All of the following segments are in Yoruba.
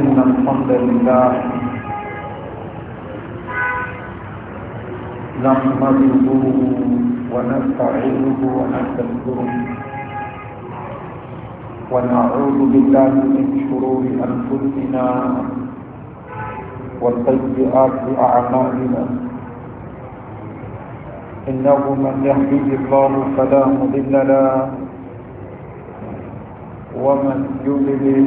إن الحمد لله نحمده ونستعينه ونستغفره ونعوذ بالله من شرور أنفسنا وسيئات أعمالنا إنه من يهديه الله فلا مضل له ومن يضلل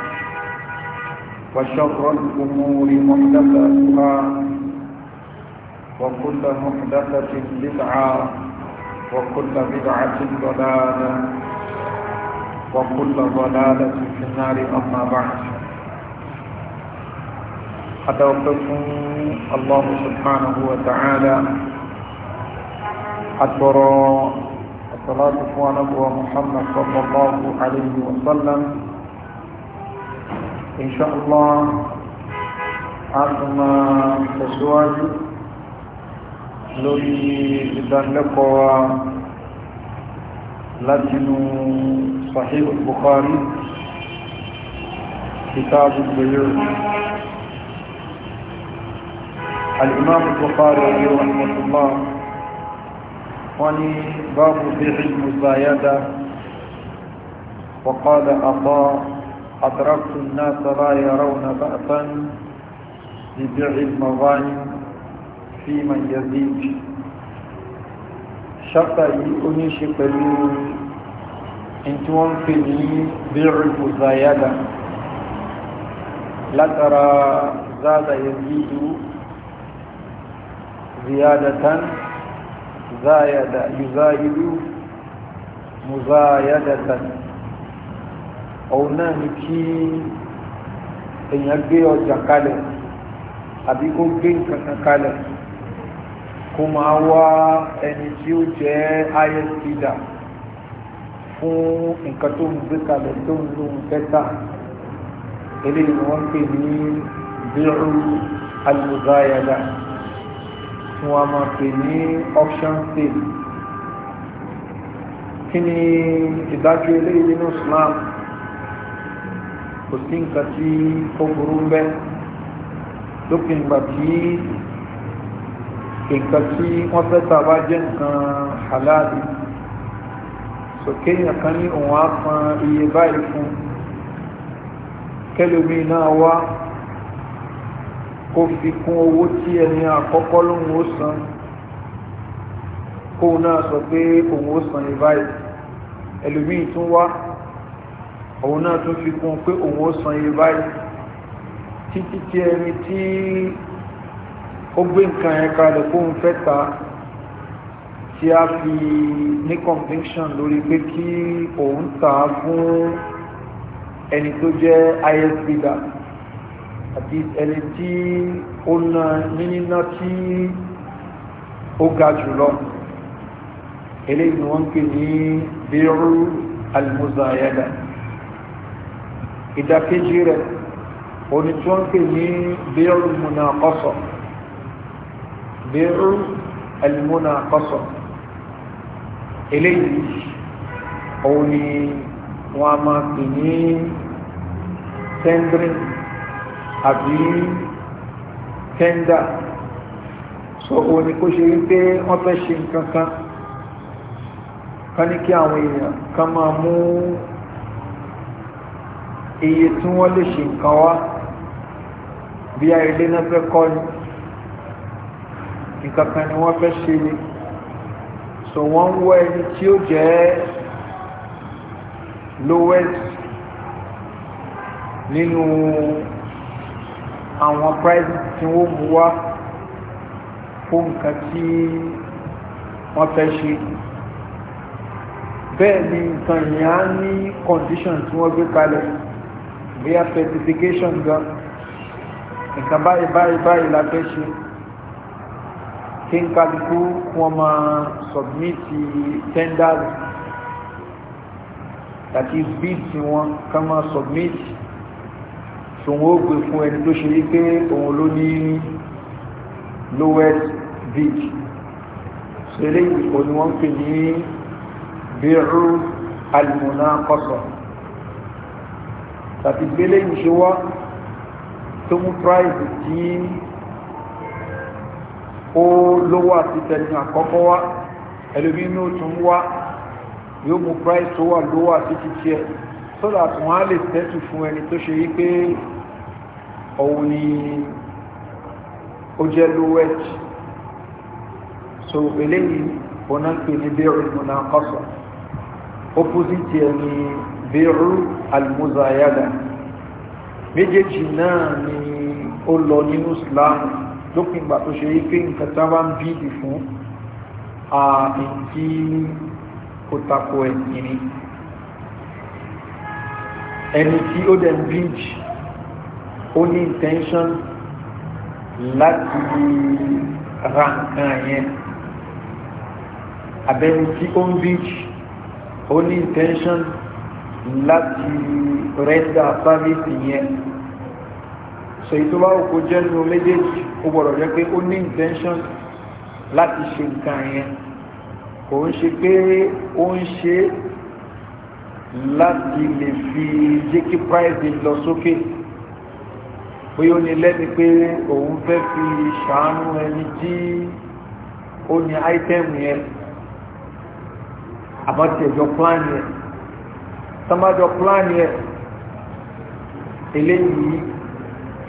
وشر الأمور محدثاتها وكل محدثة بدعة وكل بدعة ضلالة وكل ضلالة في النار أما بعد أدعوكم الله سبحانه وتعالى أكبر الصلاة على محمد صلى الله عليه وسلم إن شاء الله عندما تسواج لوري الدنلقوا لكن صحيح البخاري كتاب البيوع الإمام البخاري رحمه الله واني باب في حجم الزياده وقال أطاع أدركت الناس لا يرون بأسا لبيع المظالم في من يزيد شرطة يؤنيش قليل انتون في لي بيع المزايدة لا ترى زاد يزيد زيادة زايد يزايد مزايدة òun náà ni kí èèyàn gbé ọjà kalẹ̀ àbí kó gbé nǹkan kan kalẹ̀ kó máa wá ẹni tí ó jẹ́ highest bidder fún nǹkan tó ń gbé kalẹ̀ tó ń lóun fẹ́ eléyìí ni wọ́n pè ní bírú alùbáyàdá tí wọ́n máa pè ní option sale kí ni ìdájọ́ eléyìí nínú Islam. No kò sí nǹkan tí ó burú ń bẹ lópin ìgbà tí nǹkan tí wọ́n fẹ́ tà bá jẹ́ nǹkan halali sókè èèyàn kan ní òun á san iye báyìí fún kẹlòmí náà wá kó fi kún owó tí ẹni àkọ́kọ́ lóun ó san kóun náà sọ pé òun ó san iye báyìí ẹlòmí tún wá òun náà tún fi kún pé òun ó san iye báyìí títí tí ẹni tí ó gbé nǹkan yẹn kalẹ̀ kó ń fẹ́ ta tí a fi ní conviction lórí pé kí òun ta fún ẹni tó jẹ́ isb dà àti ẹni tí ó na níníná tí ó ga jùlọ eléyìí ni wọ́n ń pè ní bírú almuzayada ìdàkejì rẹ̀ òní tí wọ́n pè ní bẹ́ẹ̀rù múnà kọ́sọ̀ bẹ́ẹ̀rù ẹ̀lmúnà kọ́sọ̀ eléyìí òun ni wọ́n a máa pè ní tendering àbí tender so òun kó ṣe wípé wọ́n fẹ́ ṣe nǹkan kan ká ní kí àwọn èèyàn kan máa mú iye tí wọ́n lè ṣe nǹkan wá bí i ilé náà fẹ́ kọ́ ni nǹkan kan ni wọ́n fẹ́ ṣe ni so wọ́n ń wọ ẹni tí ó jẹ́ lowest nínú àwọn price tí wọ́n mú wá fún nǹkan tí wọ́n fẹ́ ṣe bẹ́ẹ̀ ni nǹkan yìí á ní condition tí wọ́n gbé kalẹ̀ We have certification gan nǹkan báyìí báyìí báyìí la fẹ́ ṣe kí n kálukú wọn máa submit tenders àti bids wọn ká máa submit ṣòwò ó gbé fún ẹni tó ṣe wípé òun ló ní lowest bid ṣe eléyìí òní wọ́n pè ní bẹ̀rù alìmọ̀nà kọ́sọ̀ọ́ tàbí gbélé ìṣe wá tó mú price tí ó lówó àti tẹnu àkọ́kọ́ wá ẹlòmí inú tún wá yóò mú price tó wà lówó àti títí ẹ sódà àtúnwá lè tẹ́tù fún ẹni tó ṣe wípé òun ni ó jẹ́ lowest so eléyìí ọ̀nà pè ní bẹ́ẹ̀rẹ̀ mọ̀nà kọ́sọ̀ opposite ẹni bẹ̀rù almuzayada méjèèjì náà ni ó lọ nínú islam lópin ìgbà tó ṣe yí pé nǹkan tá bá ń bíìdì fún àìkí ó tako ẹ̀yìn ni ẹni tí ó dẹ̀ ń bíìdì ó ní intention láti ra nǹkan yẹn abẹ́ni tí ó ń bíìdì ó ní intention láti rẹ́ndà sáfíìsì yẹn so ìtọ́wá òkú jẹ́ nínú méjèèjì ó gbọ́dọ̀ jẹ́ pé ó ní intention láti ṣe nǹkan yẹn kò ń ṣe pé ó ń ṣe láti lè fi jẹ́ kí price lọ sókè pé ó ní lẹ́ni pé òun fẹ́ fi ṣàánú ẹni tí ó ní item yẹn àbátẹ̀jọ plan yẹn tamájọ pláàni ẹ̀ eléyìí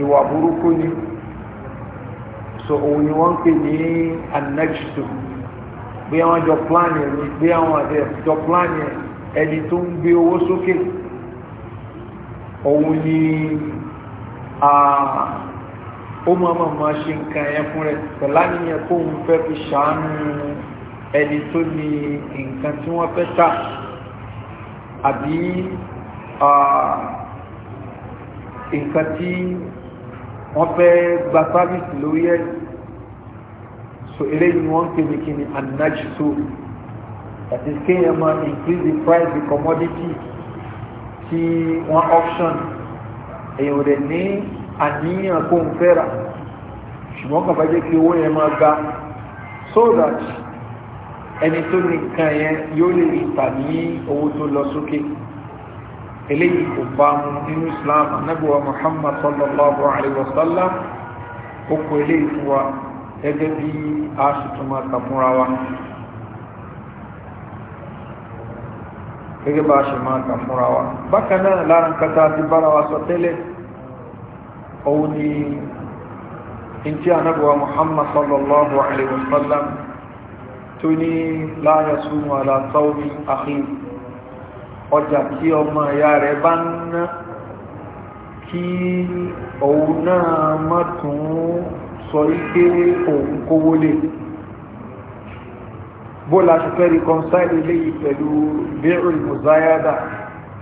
ìwà burúkú ni so òun ni wọ́n ń pè ní anagisu bí àwọn jọ pláàni ẹ̀ ni bí àwọn àti ẹ̀jọ pláàni ẹ̀ ẹni tó ń gbé owó sókè òun ni ó máa máa máa ṣe nǹkan yẹn fún rẹ pẹ̀lá nìyẹn kó òun fẹ́ fi ṣàánú ẹni tó ní nǹkan tí wọ́n fẹ́ tà àbí nǹkan tí wọ́n fẹ́ gba sáfíìsì lórí ẹ̀ so eléyìí wọ́n ń pè ní kíni anajiso that is kéèyàn máa increase the price the commodity tí wọ́n option èyàn ò dẹ̀ ní àníyàn kó ń fẹ́ rà ṣùgbọ́n kàfà jẹ́ kí owó yẹn máa ga so that ẹni tó ní nǹkan yẹn yóò lè rí tà ní owó tó lọ sókè eléyìí kò bá mu nínú islam anábíwá muhammad sallallahu alayhi wa sallam ó kó eléyìí fún wa gẹ́gẹ́ bí a ṣùtún máa kà fúnra wa gẹ́gẹ́ bá a ṣe máa kà wa bákan náà lára nǹkan tá a bára wa sọ tẹ́lẹ̀ òun ni ntí anábíwá muhammad sallallahu alayhi wa sallam tó ní láyé súnmọ́ alátọ́wí àhìn ọjà tí ọmọ ìyá rẹ̀ bá ń ná kí òun náà má tún sọ ike òun kówó lè bó láti fẹ́ rí kọ́nsáìlì léyìí pẹ̀lú bẹ́ẹ̀rù mùsáyádà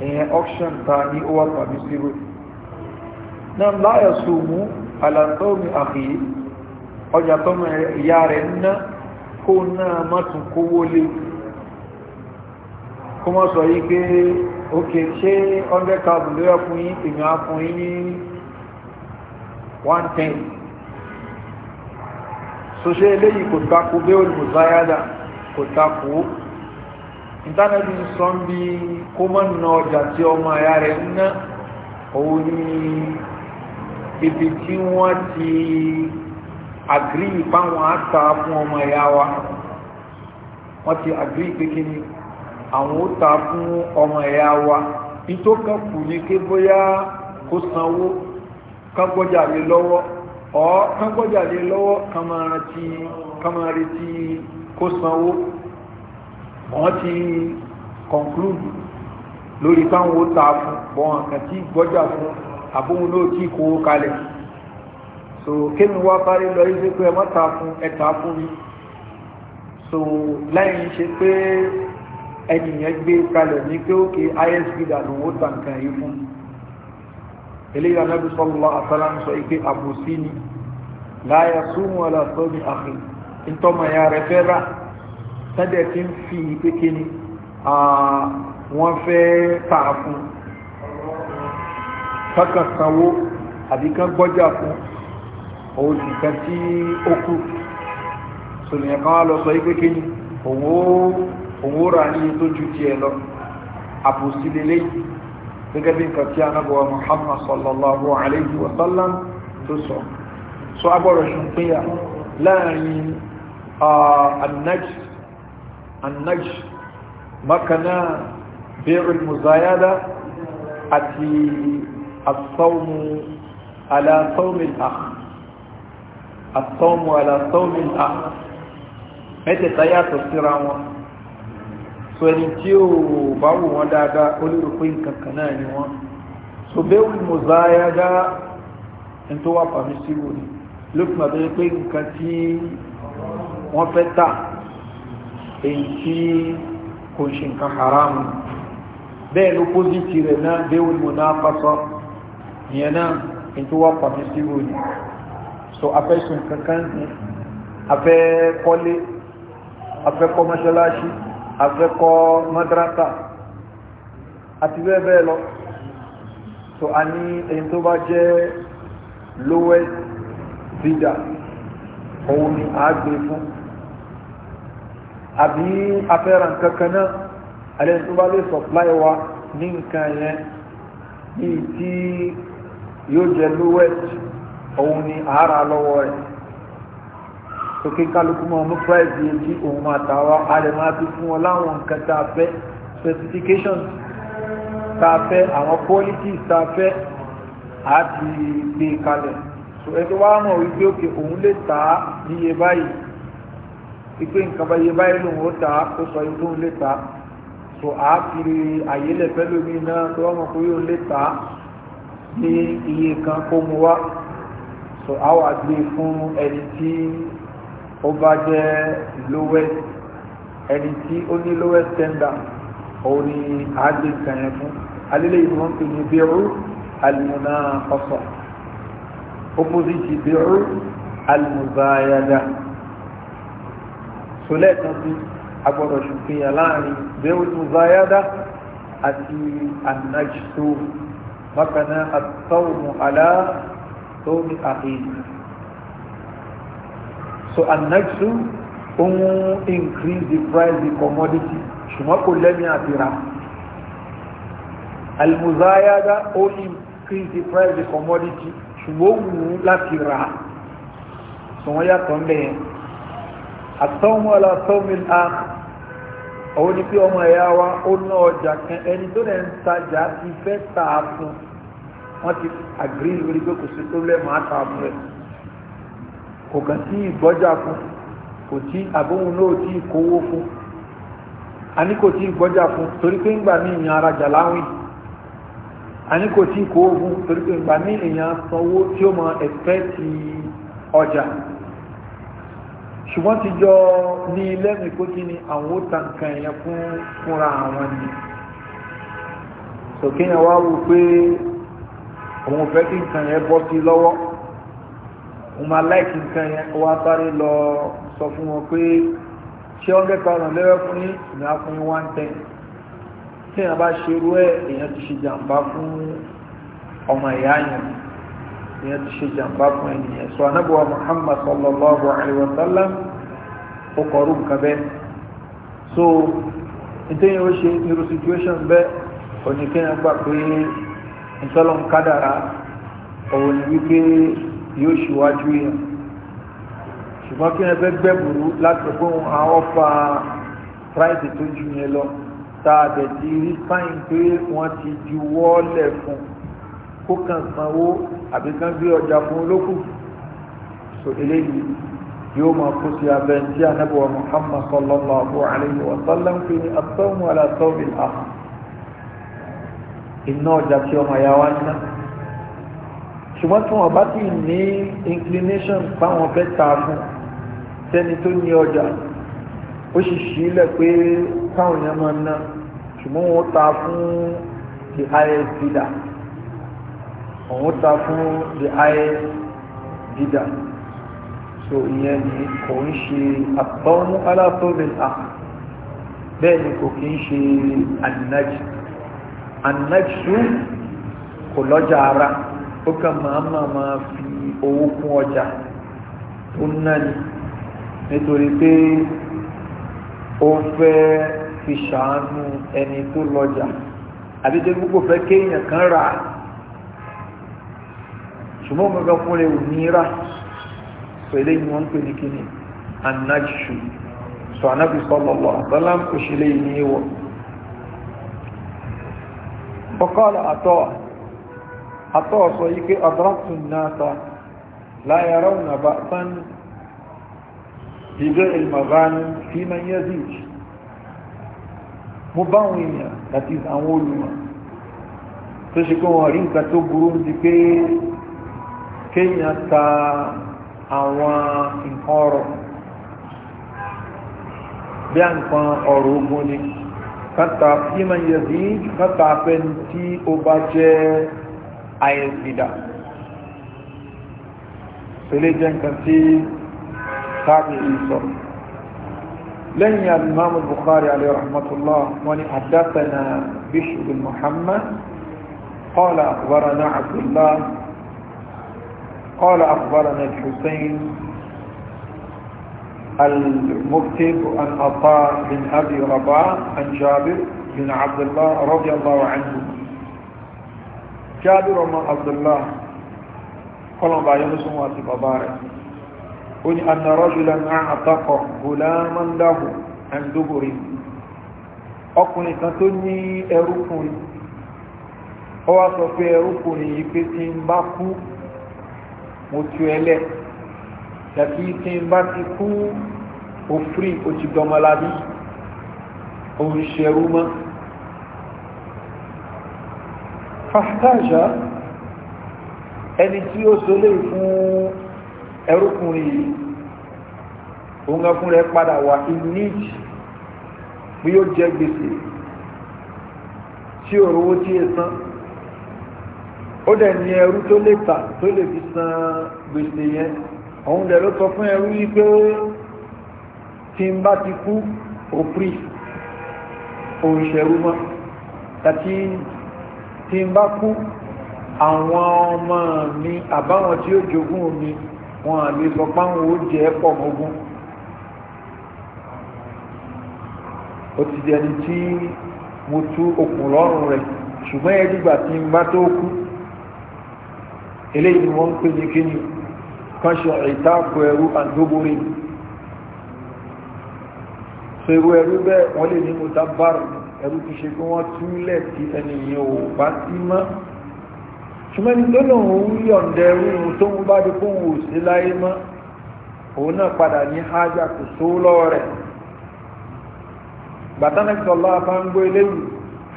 ìyẹn auction ta ní ó pàbí síwé náà láyé súnmọ́ alátọ́wí àhìn ọjà tọ́mọ ìyá rẹ̀ ń ná kó náà má tún kówó lé kó mọ́ sọ yìí pé òkè ṣé hundred thousand ló yẹ fún yín èmi ní one ten so ṣe eléyìí kò takò bẹ́ẹ̀ olùmọ̀sáyádà kò takò ìtànẹ́bí ń sọ bí kó mọ́ na ọjà tí ọmọ àyà rẹ̀ ń ná òun ní ibi tí wọ́n ti agree báwọn á ta fún ọmọ ìyá wa wọ́n ti agree pé kí ni àwọn ó ta fún ọmọ ìyá wa ìtòkàn kù ní ké bóyá kó sanwó kágbọ́jà lé lọ́wọ́ ọ́ kágbọ́jà lé lọ́wọ́ kàmáà retí kó sanwó wọ́n ti conclude lórí báwọn ó ta fún bọ́n àkàtì gbọ́jà fún àbóhun náà tí kò kalẹ̀ so kémi wá parí lọ yí pé ẹ mọ́ta fún ẹ̀ta fún mi so lẹ́yìn ṣe pé ẹnìyàn gbé kalẹ̀ ní pé òkè isb dànù ó tà nǹkan yìí fún eléyìí anábì sọ́lọ́ àtàlà ń sọ ike àbòsí ni láyà súnmọ́ àlàtọ́ ní àfẹ́ ìtọ́mọ̀ ya rẹ̀ fẹ́ rà sẹ́dẹ̀ tí ń fi ìpé kíni wọ́n fẹ́ tàà fún kankan sanwó àbíkan gbọ́jà fún òun nìkan tí ó kú sònìyàn kan wá lọ sọ yí pé kíni òun ó rà ní tó ju tiẹ̀ lọ àbòsí lélẹ́yìí gẹ́gẹ́ bí nǹkan tí a náà bọ̀ Muhammad sallallahu alayhi wa sallam tó sọ so a gbọ́dọ̀ ṣùgbọ́nyà láàrin annajs makana bẹ̀rẹ̀ muzayada àti asawmu ala sawmi àtọ́mù àlàtọ́mù à mẹ́tẹ̀ẹ̀ta yàtọ̀ síra wọn so ẹni tí ó bá wù wọn dáadáa ó lérò náà ni wọn so bẹ́ẹ̀wù mọ̀záyádá ní tó wà pàmí sí wò ni lókùn àbẹ́rẹ́ pé nǹkan tí wọ́n fẹ́ tà èyí tí kò ṣe nǹkan haramu bẹ́ẹ̀ ló pósìtì rẹ̀ náà bẹ́ẹ̀wù mọ̀náfàṣọ ìyẹn náà ní tó wà pàmí sí wò ni so afẹ́sùn kankan sí afẹ́ kọ́lé afẹ́ kọ́ mọ́ṣáláṣí afẹ́ kọ́ madrasa àti bẹ́ẹ̀ bẹ́ẹ̀ lọ so a ní ẹni tó bá jẹ́ lowest bidder òun ni a gbé fún àbí afẹ́ràn kankan náà alẹ́ni tó bá lè supply wa ní nǹkan yẹn ní tí yóò jẹ́ lowest òun ni àárà lọ́wọ́ rẹ̀ sókè kálukú máa mú price yẹn tí òun máa tà wá a lè máa fi fún wọn láwọn nǹkan tá a fẹ́ specifications tá a fẹ́ àwọn qualities tá a fẹ́ a ti gbé kalẹ̀ so ẹni wá mọ̀ wípé òkè òun lè tà á ní iye báyìí ìpé nǹkan bá iye báyìí lòun ó tà á ó sọ ibi òun lè tà á so a fi àyélẹ̀ pẹ́lú mi náà tó wọ́n mọ̀ pé òun lè tà á ní iye kan kó mu wá so a wà gbé fún ẹni tí ó bá jẹ́ lowest ẹni tí ó ní lowest tender òun ni a gbé nǹkan yẹn fún alẹ́lẹ́ yìí wọ́n pè ní bẹ́rù alimuna ọ̀sọ̀ opposite bẹ́rù alimuzayada so lẹ́ẹ̀kan sí agbọ́dọ̀ ṣùgbìyà láàrin bẹ́rù alimuzayada àti anajiso bákan náà àtọ́wọ̀mù aláà tó àfihàn so next annexu ohun increase the price the commodity ṣùgbọ́n kò lẹ́mí àtìrà almuzayada ó increase the price the commodity ṣùgbọ́n ó wù ú láti rà so wọ́n yàtọ̀ ń bẹ̀yẹn àtọ́mú alátọ́mú àá òun ni pé ọmọ ẹ̀yà wa ó ná ọjà kan ẹni tó dẹ̀ ń tajà ti fẹ́ tà wọ́n ti agree lórí pé kò sí problem àtà fún ẹ̀ kò kàn sí ìgbọ́jà fún kò tí àbóhun náà tí kówó fún a ní kò tí ìgbọ́jà fún torí pé ńgbà ní ìyàn arajà láwìn a ní kò tí kówó fún torí pé ńgbà ní ìyàn sanwó tí ó mọ ẹ̀fẹ́ ti ọjà ṣùgbọ́n ti jọ ní lẹ́nu kó kí ni àwọn ó ta nǹkan fún fúnra àwọn ni sòkè yẹn wá wò pé òun fẹ́ kí nǹkan yẹn bọ́ sí lọ́wọ́ òun máa láìkí nǹkan yẹn wá sáré lọ sọ fún wọn pé ṣé hundred thousand lẹ́wẹ́ fún yín ní a fún yín one ten tí èèyàn bá ṣe irú ẹ̀ èèyàn ti ṣe jàǹbá fún ọmọ ìyá yẹn èèyàn ti ṣe jàǹbá fún ẹnìyẹn sọ anábọ̀wá Muhammad sallallahu alayhi wa sallam ó kọrú nǹkan bẹ́ẹ̀ so ìtẹ́yìn ó ṣe irú situation bẹ́ẹ̀ òní kéèyàn gbà pé ìtọ́lọ́n kádàrá òun ni wípé yóò ṣíwájú yẹn ṣùgbọ́n kí wọ́n fẹ́ gbẹ̀bùrú láti fún àwọn fa price tó ju yẹn lọ tá a dẹ̀ ti rí sáyìn pé wọ́n ti ju wọ́ọ̀lẹ̀ fún kó kàn sanwó àbí kan gbé ọjà fún olókù so eléyìí yóò máa kó sí abẹ́ tí anábọ̀ Muhammad sallallahu alayhi wa sallam fi ni asọ́mu alasọ́mi àhàn iná ọjà tí ọmọ ìyá wa ná ṣùgbọ́n tí wọ́n bá ti ní inclination báwọn fẹ́ ta fún sẹ́ni tó ní ọjà ó sì sílẹ̀ pé táwọn èèyàn máa ná ṣùgbọ́n wọ́n ta fún the highest bidder òun ta fún the highest bidder so ìyẹn ni kò ń ṣe àtọ́mú aláfóbìnà bẹ́ẹ̀ ni kò kí ń ṣe ànínájì anẹ́tù kò lọ́jà ara ó kàn máa máa máa fi owó kún ọjà tó ń ná ni nítorí pé ó fẹ́ fi ṣàánú ẹni tó lọ́jà àdéjẹ́ gbogbo fẹ́ kéèyàn kan rà á ṣùgbọ́n gbogbo fún rẹ̀ ò rà pẹ̀lẹ́ ni wọ́n ń pè ní kíni anájú sọ anábì sallallahu alaihi kò ṣe lè ní ìwọ̀n فقال عطاء عطاء صيك أدركت الناس لا يرون بأسا ببيع المغانم في من يزيد مباوية التي تقولها تشكو هرين كتبرون ديكي كي نتا àwọn nǹkan ọrọ̀ bí a nǹkan ọrọ̀ ogun ni kátà fíman yazid kátà fẹ́ni tí ó bá jẹ́ àyẹ̀sìdá tẹ́lẹ̀ jẹ́ nǹkan tí tàbí ìsọ lẹ́yìn al-imam al-bukhari alayhi rahmatullah wọ́n ni haddathana bishr bin muhammad qala akhbarana abdullah المكتب أن عطاء بن أبي رباح عن جابر بن عبد الله رضي الله عنه جابر بن عبد الله قال بعيد سموات ببارك قل أن رجلا أعتق غلاما له عن دبر ọkùnrin kan tó ní ẹrúkùnrin ó wá sọ pé ẹrúkùnrin yìí tàbí tí n bá ti kú òfin òtí dọmọlábí òun ṣẹrú mọ́ fàtàjá ẹni tí ó so lè fún ẹrùkùnrin yìí òun gan fún rẹ padà wà ìníjì bí ó jẹ gbèsè tí òrówó tí è san ó dẹ̀ ní ẹrú tó lè tà tó lè fi san gbèsè yẹn òun dẹ̀ ló sọ fún ẹrú wípé tí ń bá ti kú òprí òṣèrú mọ́ tàbí tí ń bá kú àwọn ọmọ mi àbáwọn tí ó jogún mi wọn àlè sọ páwọn ó jẹ́ pọ̀ mọ́gún ó ti di ẹni tí mo tú okùn lọ́rùn rẹ̀ ṣùgbọ́n ẹ tí ń bá tó kú eléyìí ni wọ́n ń pè ní kíni kan ṣe ìtaàkù ẹrú àdóborí so irú ẹrú bẹ́ẹ̀ wọ́n lè ní mutabaru ẹrú ti ṣe kí wọ́n túlẹ̀ tí ẹnìyàn ò bá sí mọ́ ṣùgbọ́n tó lòun ń yọ̀ǹda ẹrú tó ń bá dé fóun ò láyé mọ́ òun náà padà ní hájà kò sówó lọ́wọ́ rẹ̀ بطنك الله فانقوا إليه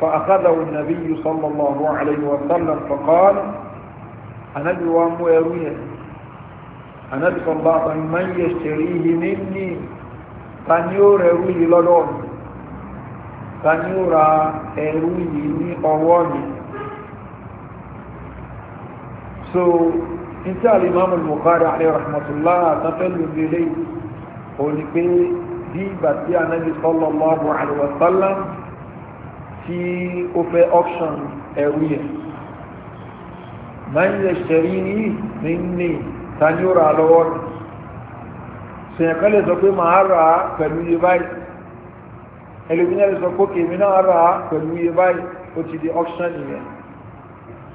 فأخذه النبي صلى الله عليه وسلم فقال أنا بوام ويرويه anábì sọ̀rọ̀ bá sọ̀rọ̀ máa ń yẹ ṣẹ̀rí yìí ní ní ta ni ó so nítí alimami Bukhari alayhi rahmatullah àtàfẹ́lú lélẹ̀ òní pé bí ìgbà tí anábì sallallahu alaihi wa sallam tí ó fẹ́ auction ẹrú yẹn máa ń ta ni ó ra lọ́wọ́ rẹ̀ sèyàn kan lè sọ pé màá ra pẹ̀lú iye báyìí ẹlòmínà lè sọ pé kèmí náà ra pẹ̀lú iye báyìí ó ti di auction nìyẹn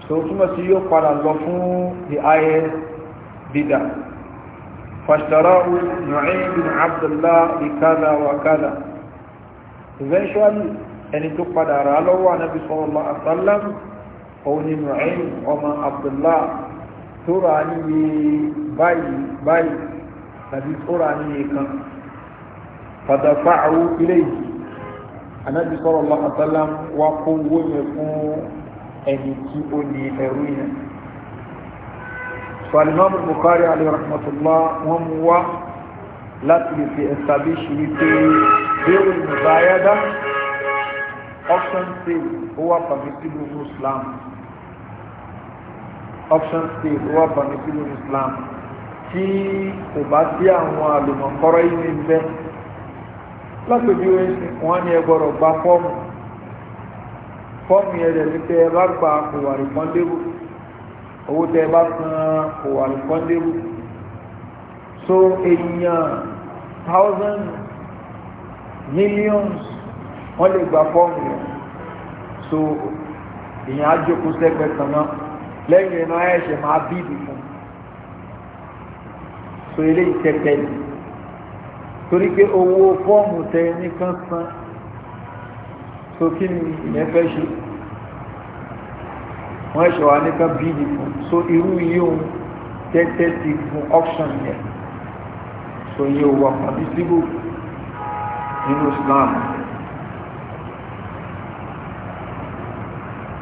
so túmọ̀ sí yóò padà lọ fún the highest bidder fashtarahu nu'aym bin abdullah bi kaza eventually ẹni tó padà rà lọ́wọ́ anabi sallallahu alaihi òun ni nu'aym ọmọ abdullah tó rà níye báyìí báyìí tàbí tó rà níye kan fàdàfà àwọn ilé yìí anábì sọ̀rọ̀ lọ́kàtàlá wa kó owó yẹn fún ẹni tí ó ní ẹrú yẹn فالإمام البخاري عليه رحمة الله وهو láti lè fi establish wípé bẹ́ẹ̀rù ìmọ̀báyádá option sale ó wà pàmìtìlú muslim option state wà bàmísí lórí islam tí kò bá sí àwọn àlùmọ̀kọ́rọ́ yìí ní bẹ́ẹ̀ látòjú ẹ̀sìn wọn ni ẹ gbọ́dọ̀ gba fọ́ọ̀mù fọ́ọ̀mù yẹn rẹ̀ ní pé ẹ bá gba kò wà rìpọ́ndébù owó tẹ bá san kò wà so èèyàn thousand millions wọ́n lè gba fọ́ọ̀mù yẹn so èèyàn á jókòó sẹ́gbẹ̀ẹ́ kan náà lẹ́yìn iná ẹ̀ṣẹ̀ máa bí ìdìbò so eléyìí tẹ́tẹ́ yìí torí pé owó fọ́ọ̀mù tẹ nìkan san so kí ni ìyẹn fẹ́ ṣe wọ́n ẹ̀ṣẹ̀ wà nìkan bí ìdìbò so irú yìí òun tẹ́tẹ́ ti fún option yẹn so yìí ò wà síbò nínú Islam.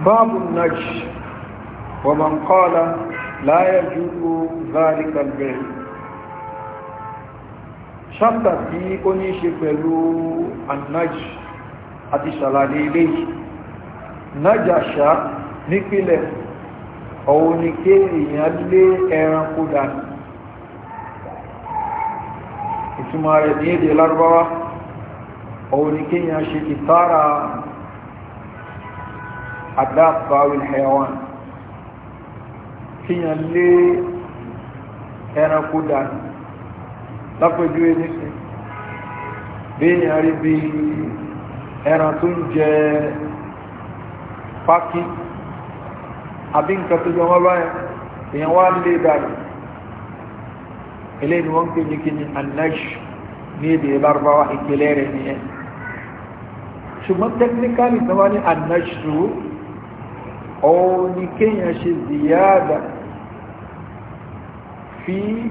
Báàbù Nàìjíríà. ومن قال لا يجوز ذلك البيع ṣáptà tí ó ní ṣe pẹ̀lú annaj àti ṣàlàyé ilé nájàṣá nípìlẹ̀ ọ̀wọ̀ ni ké èèyàn lé ẹranko dànù ìtumọ̀ rẹ̀ ní èdè lárúbáwá ọ̀wọ̀ ni ké ṣe kìtàrà àdáàbáwìl hayawan kíyàn lé ẹranko dànù lápẹjú ẹnìsìn bí i àrí bí ẹran tó ń jẹ pákí àbí nǹkan tó jẹ wọ́n báyẹn èèyàn wá lé dànù eléyìí wọ́n ń pè ní kíni anash ní èdè lárúbáwá ìpìlẹ̀ rẹ̀ nìyẹn ṣùgbọ́n tẹkinikálì tó wá ní anash tó òun ni kéèyàn ṣe ziyada. في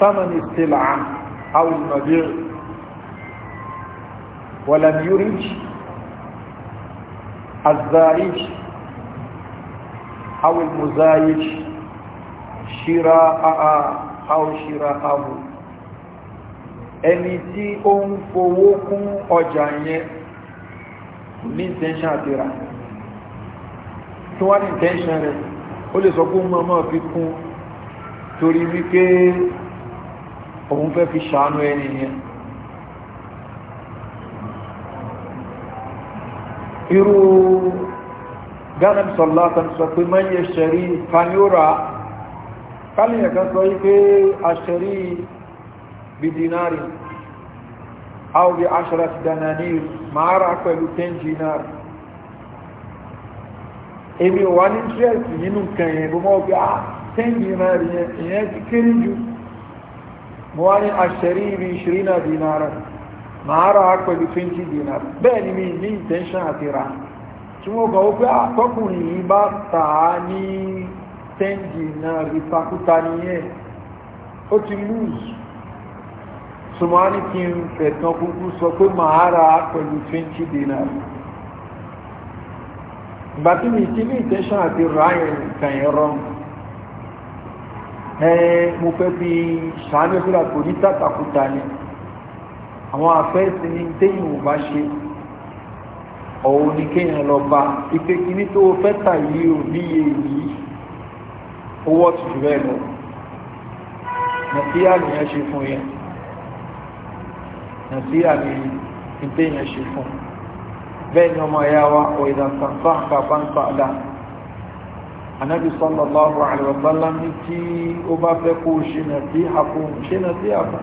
ثمن السلعة أو المبيع ولم يرج الزائج أو المزايج شراء أو شراءه ẹni tí ó ń fowó kún ọjà yẹn ní intention àti rà tí wọ́n ní intention rẹ̀ ó lè sọ pé ó fi kún torí wípé òun fẹ́ fi ṣàánú ẹni yẹn irú gánàbí sọ̀lá sọ pé mọ́ yẹ ṣẹ̀rí kanyóra kálíyàn kan sọ wípé aṣẹ̀rí bidinari áwọ̀bí aṣọ́ra ti dánàní máa rà pẹ̀lú 10 dinari èmi ò ní interest nínú nǹkan bó mọ́ bí i ten dinar yẹn ìyẹn ti kéré jù mo wá ní aṣẹ̀rí ibi ìṣirínà dinara màá ra pẹ̀lú twenty dinar bẹ́ẹ̀ ni mi ní intention àti ra tí wọ́n gbọ́ pé àtọ́kùnrin yìí bá tà á ní ten dinar ìtakúta nìyẹn ó ti lose sùmọ́ni kí n fẹ̀tàn kúkú sọ pé màá ra pẹ̀lú twenty dinar ìgbà mi ti ní intention àti ra yẹn kàn yẹn rọrùn ẹ̀ẹ́n mo fẹ́ fi ṣàánú ìfúra kò ní tàtàkùtà ni àwọn afẹ́sìn ní téyìn ò bá ṣe ọ̀hún ni kéèyàn lọ bá ipe kìíní tó fẹ́ tà yìí ò níye yìí owó ọ̀tún bẹ́ẹ̀ lọ nàìjíríà nìyẹn ṣe fún yẹn nàìjíríà ni ìdéyẹn ṣe fún bẹ́ẹ̀ ni ọmọ ẹ̀yà wa ọ̀ ìdàtàǹfà pàpàǹfà dáa anabi sallallahu alaihi wa sallam ní tí ó bá fẹ́ kó ṣe nà sí àfún ṣe nà sí àfún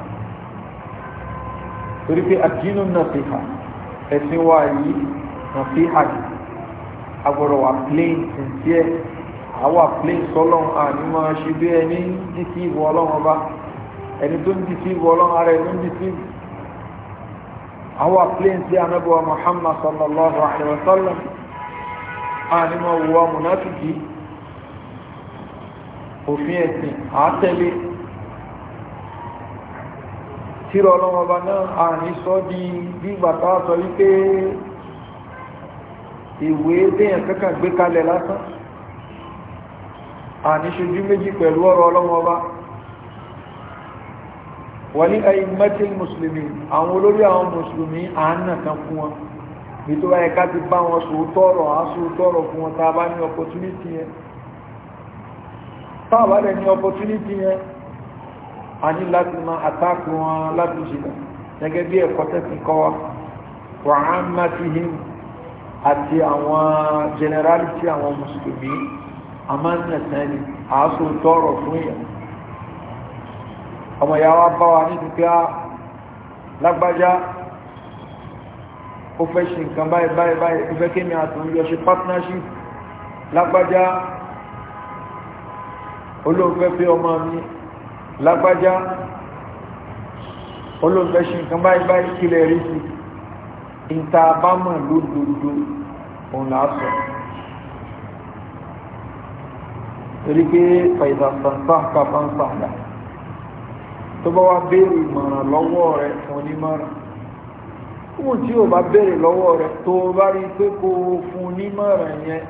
torí pé àdínú nà sí ha ẹ̀sìn wa yìí nà sí ha yìí agbọ̀rọ̀ wà plain sincere àwa plain sọlọ́n àní máa ṣe bí ẹni dí sí ìwọ ọlọ́run ọba ẹni tó ń dí sí ìwọ ọlọ́run ara ẹni tó ń dí sí ìwọ plain sí anabi wa muhammad sallallahu alaihi wa sallam àní máa wọ amúnátìkì òfin ẹ̀sìn àátẹ́lé tíra ọlọ́mọba náà àrìn sọ di gbígbà tá a sọ wípé ìwé déyàn kankan gbé kalẹ̀ lásán àníṣojú méjì pẹ̀lú ọ̀rọ̀ ọlọ́mọba wọ́n ayé mẹ́tìl mùsùlùmí àwọn olórí àwọn mùsùlùmí àánà kan fún wọn nítorí ẹ̀ka ti bá wọn sòótọ́rọ̀ àásòótọ́rọ̀ fún wọn tá ní opportunity yẹn táàbà rẹ̀ ní opportunity yẹn a ní láti máa wọn láti jìnà gẹ́gẹ́ bí ẹ̀kọ́ tẹ́sí kọ́ wa wà á àti àwọn generality àwọn mùsùlùmí a máa ń nẹ̀sẹ̀ ni àásù tọrọ fún yẹn ọmọ ìyá wa bá wa ní ah, lágbájá ó fẹ́ ṣe nǹkan báyìí olóńfẹ́ fẹ́ ọmọ mi lágbájá olóńfẹ́ ṣe nǹkan báyìí báyìí kílẹ̀ rí sí ìta bámọ̀ lódodo òun là á sọ torí pé fàyìdà sàǹsà kàfáǹsà dà tó bá wá béèrè ìmọ̀ràn lọ́wọ́ rẹ onímọ̀ràn fún tí o bá béèrè lọ́wọ́ rẹ tó bá rí pé kó fún onímọ̀ràn yẹn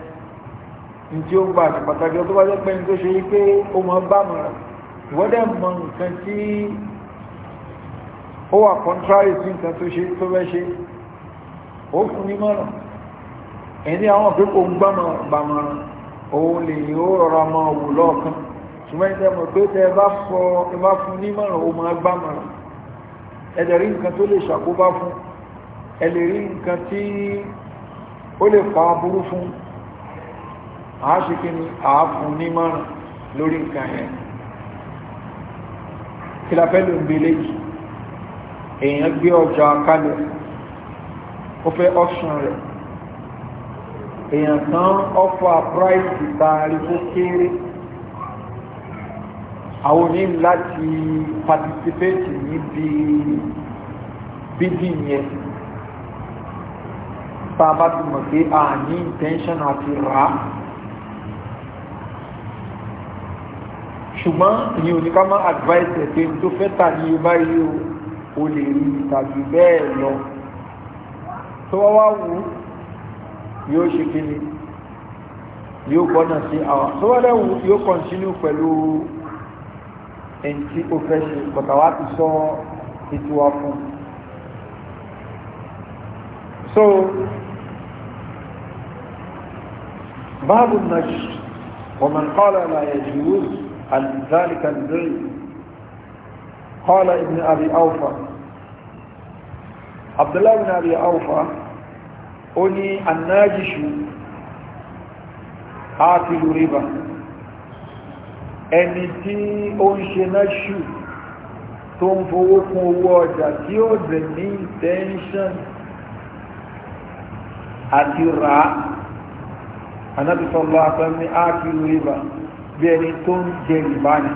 tí ó gbà àti pàtàkì tó bá jẹ́ pé ní tó ṣe yí pé ó mọ bá mọ̀ràn ìwọ́dẹ̀ mọ nǹkan tí ó wà contrary sí nǹkan tó ṣe tó fẹ́ ṣe ó fún ní mọ̀ràn ẹni àwọn pé ń gbà mọ̀ pé ó lè fa aburú fún àáṣekí ni àáfún ní márùn lórí nǹkan yẹn kí la fẹ́ ló ń belé yìí èèyàn gbé ọjà kalẹ̀ ó fẹ́ ọ́ṣùn rẹ̀ èèyàn kan ọ́fà price taari tó kéré àwọn ní láti participate níbi bíbí yẹn tá a bá ti mọ̀ a ní intention àti rà ṣùgbọ́n ìyẹn ò ní ká má advice ẹ̀ pé tó fẹ́ tà ní báyìí o o lè rí tàbí bẹ́ẹ̀ lọ tó wá wá wù yóò ṣe kí ni yóò gbọ́nà sí àwọn tó wá lẹ́wù yóò continue pẹ̀lú ẹni tí ó fẹ́ ṣe pọ̀tàwá ti sọ ètò wa fún so báàbù náà ومن قال لا يجوز عن ذلك البيع قال ابن أبي أوفى عبد الله بن أبي أوفى أني الناجش آكل ربا ẹni tí ó ń ṣe náṣù tó ń fowó kún owó ọjà tí ó dẹ̀ ní intention àti ràá anábìsọ̀lọ́ àtọ́ ní ákìlú rìbá bí ẹni tó ń jẹ rìbá ni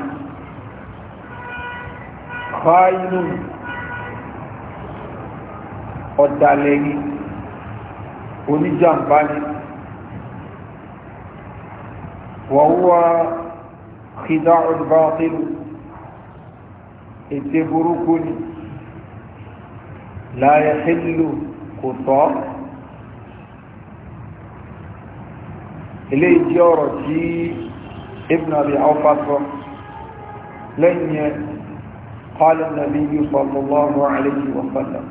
fáínù ọ̀dàlẹ̀ ni oníjàmbá ni wàhúwa khida'ul batil ètè burúkú ni la yahillu kò tọ́ eléyìí jẹ́ ọ̀rọ̀ tí ibn abi awfa sọ lẹ́yìn yẹn kọ́lẹ̀ nàbí yìí sallallahu alayhi wa sallam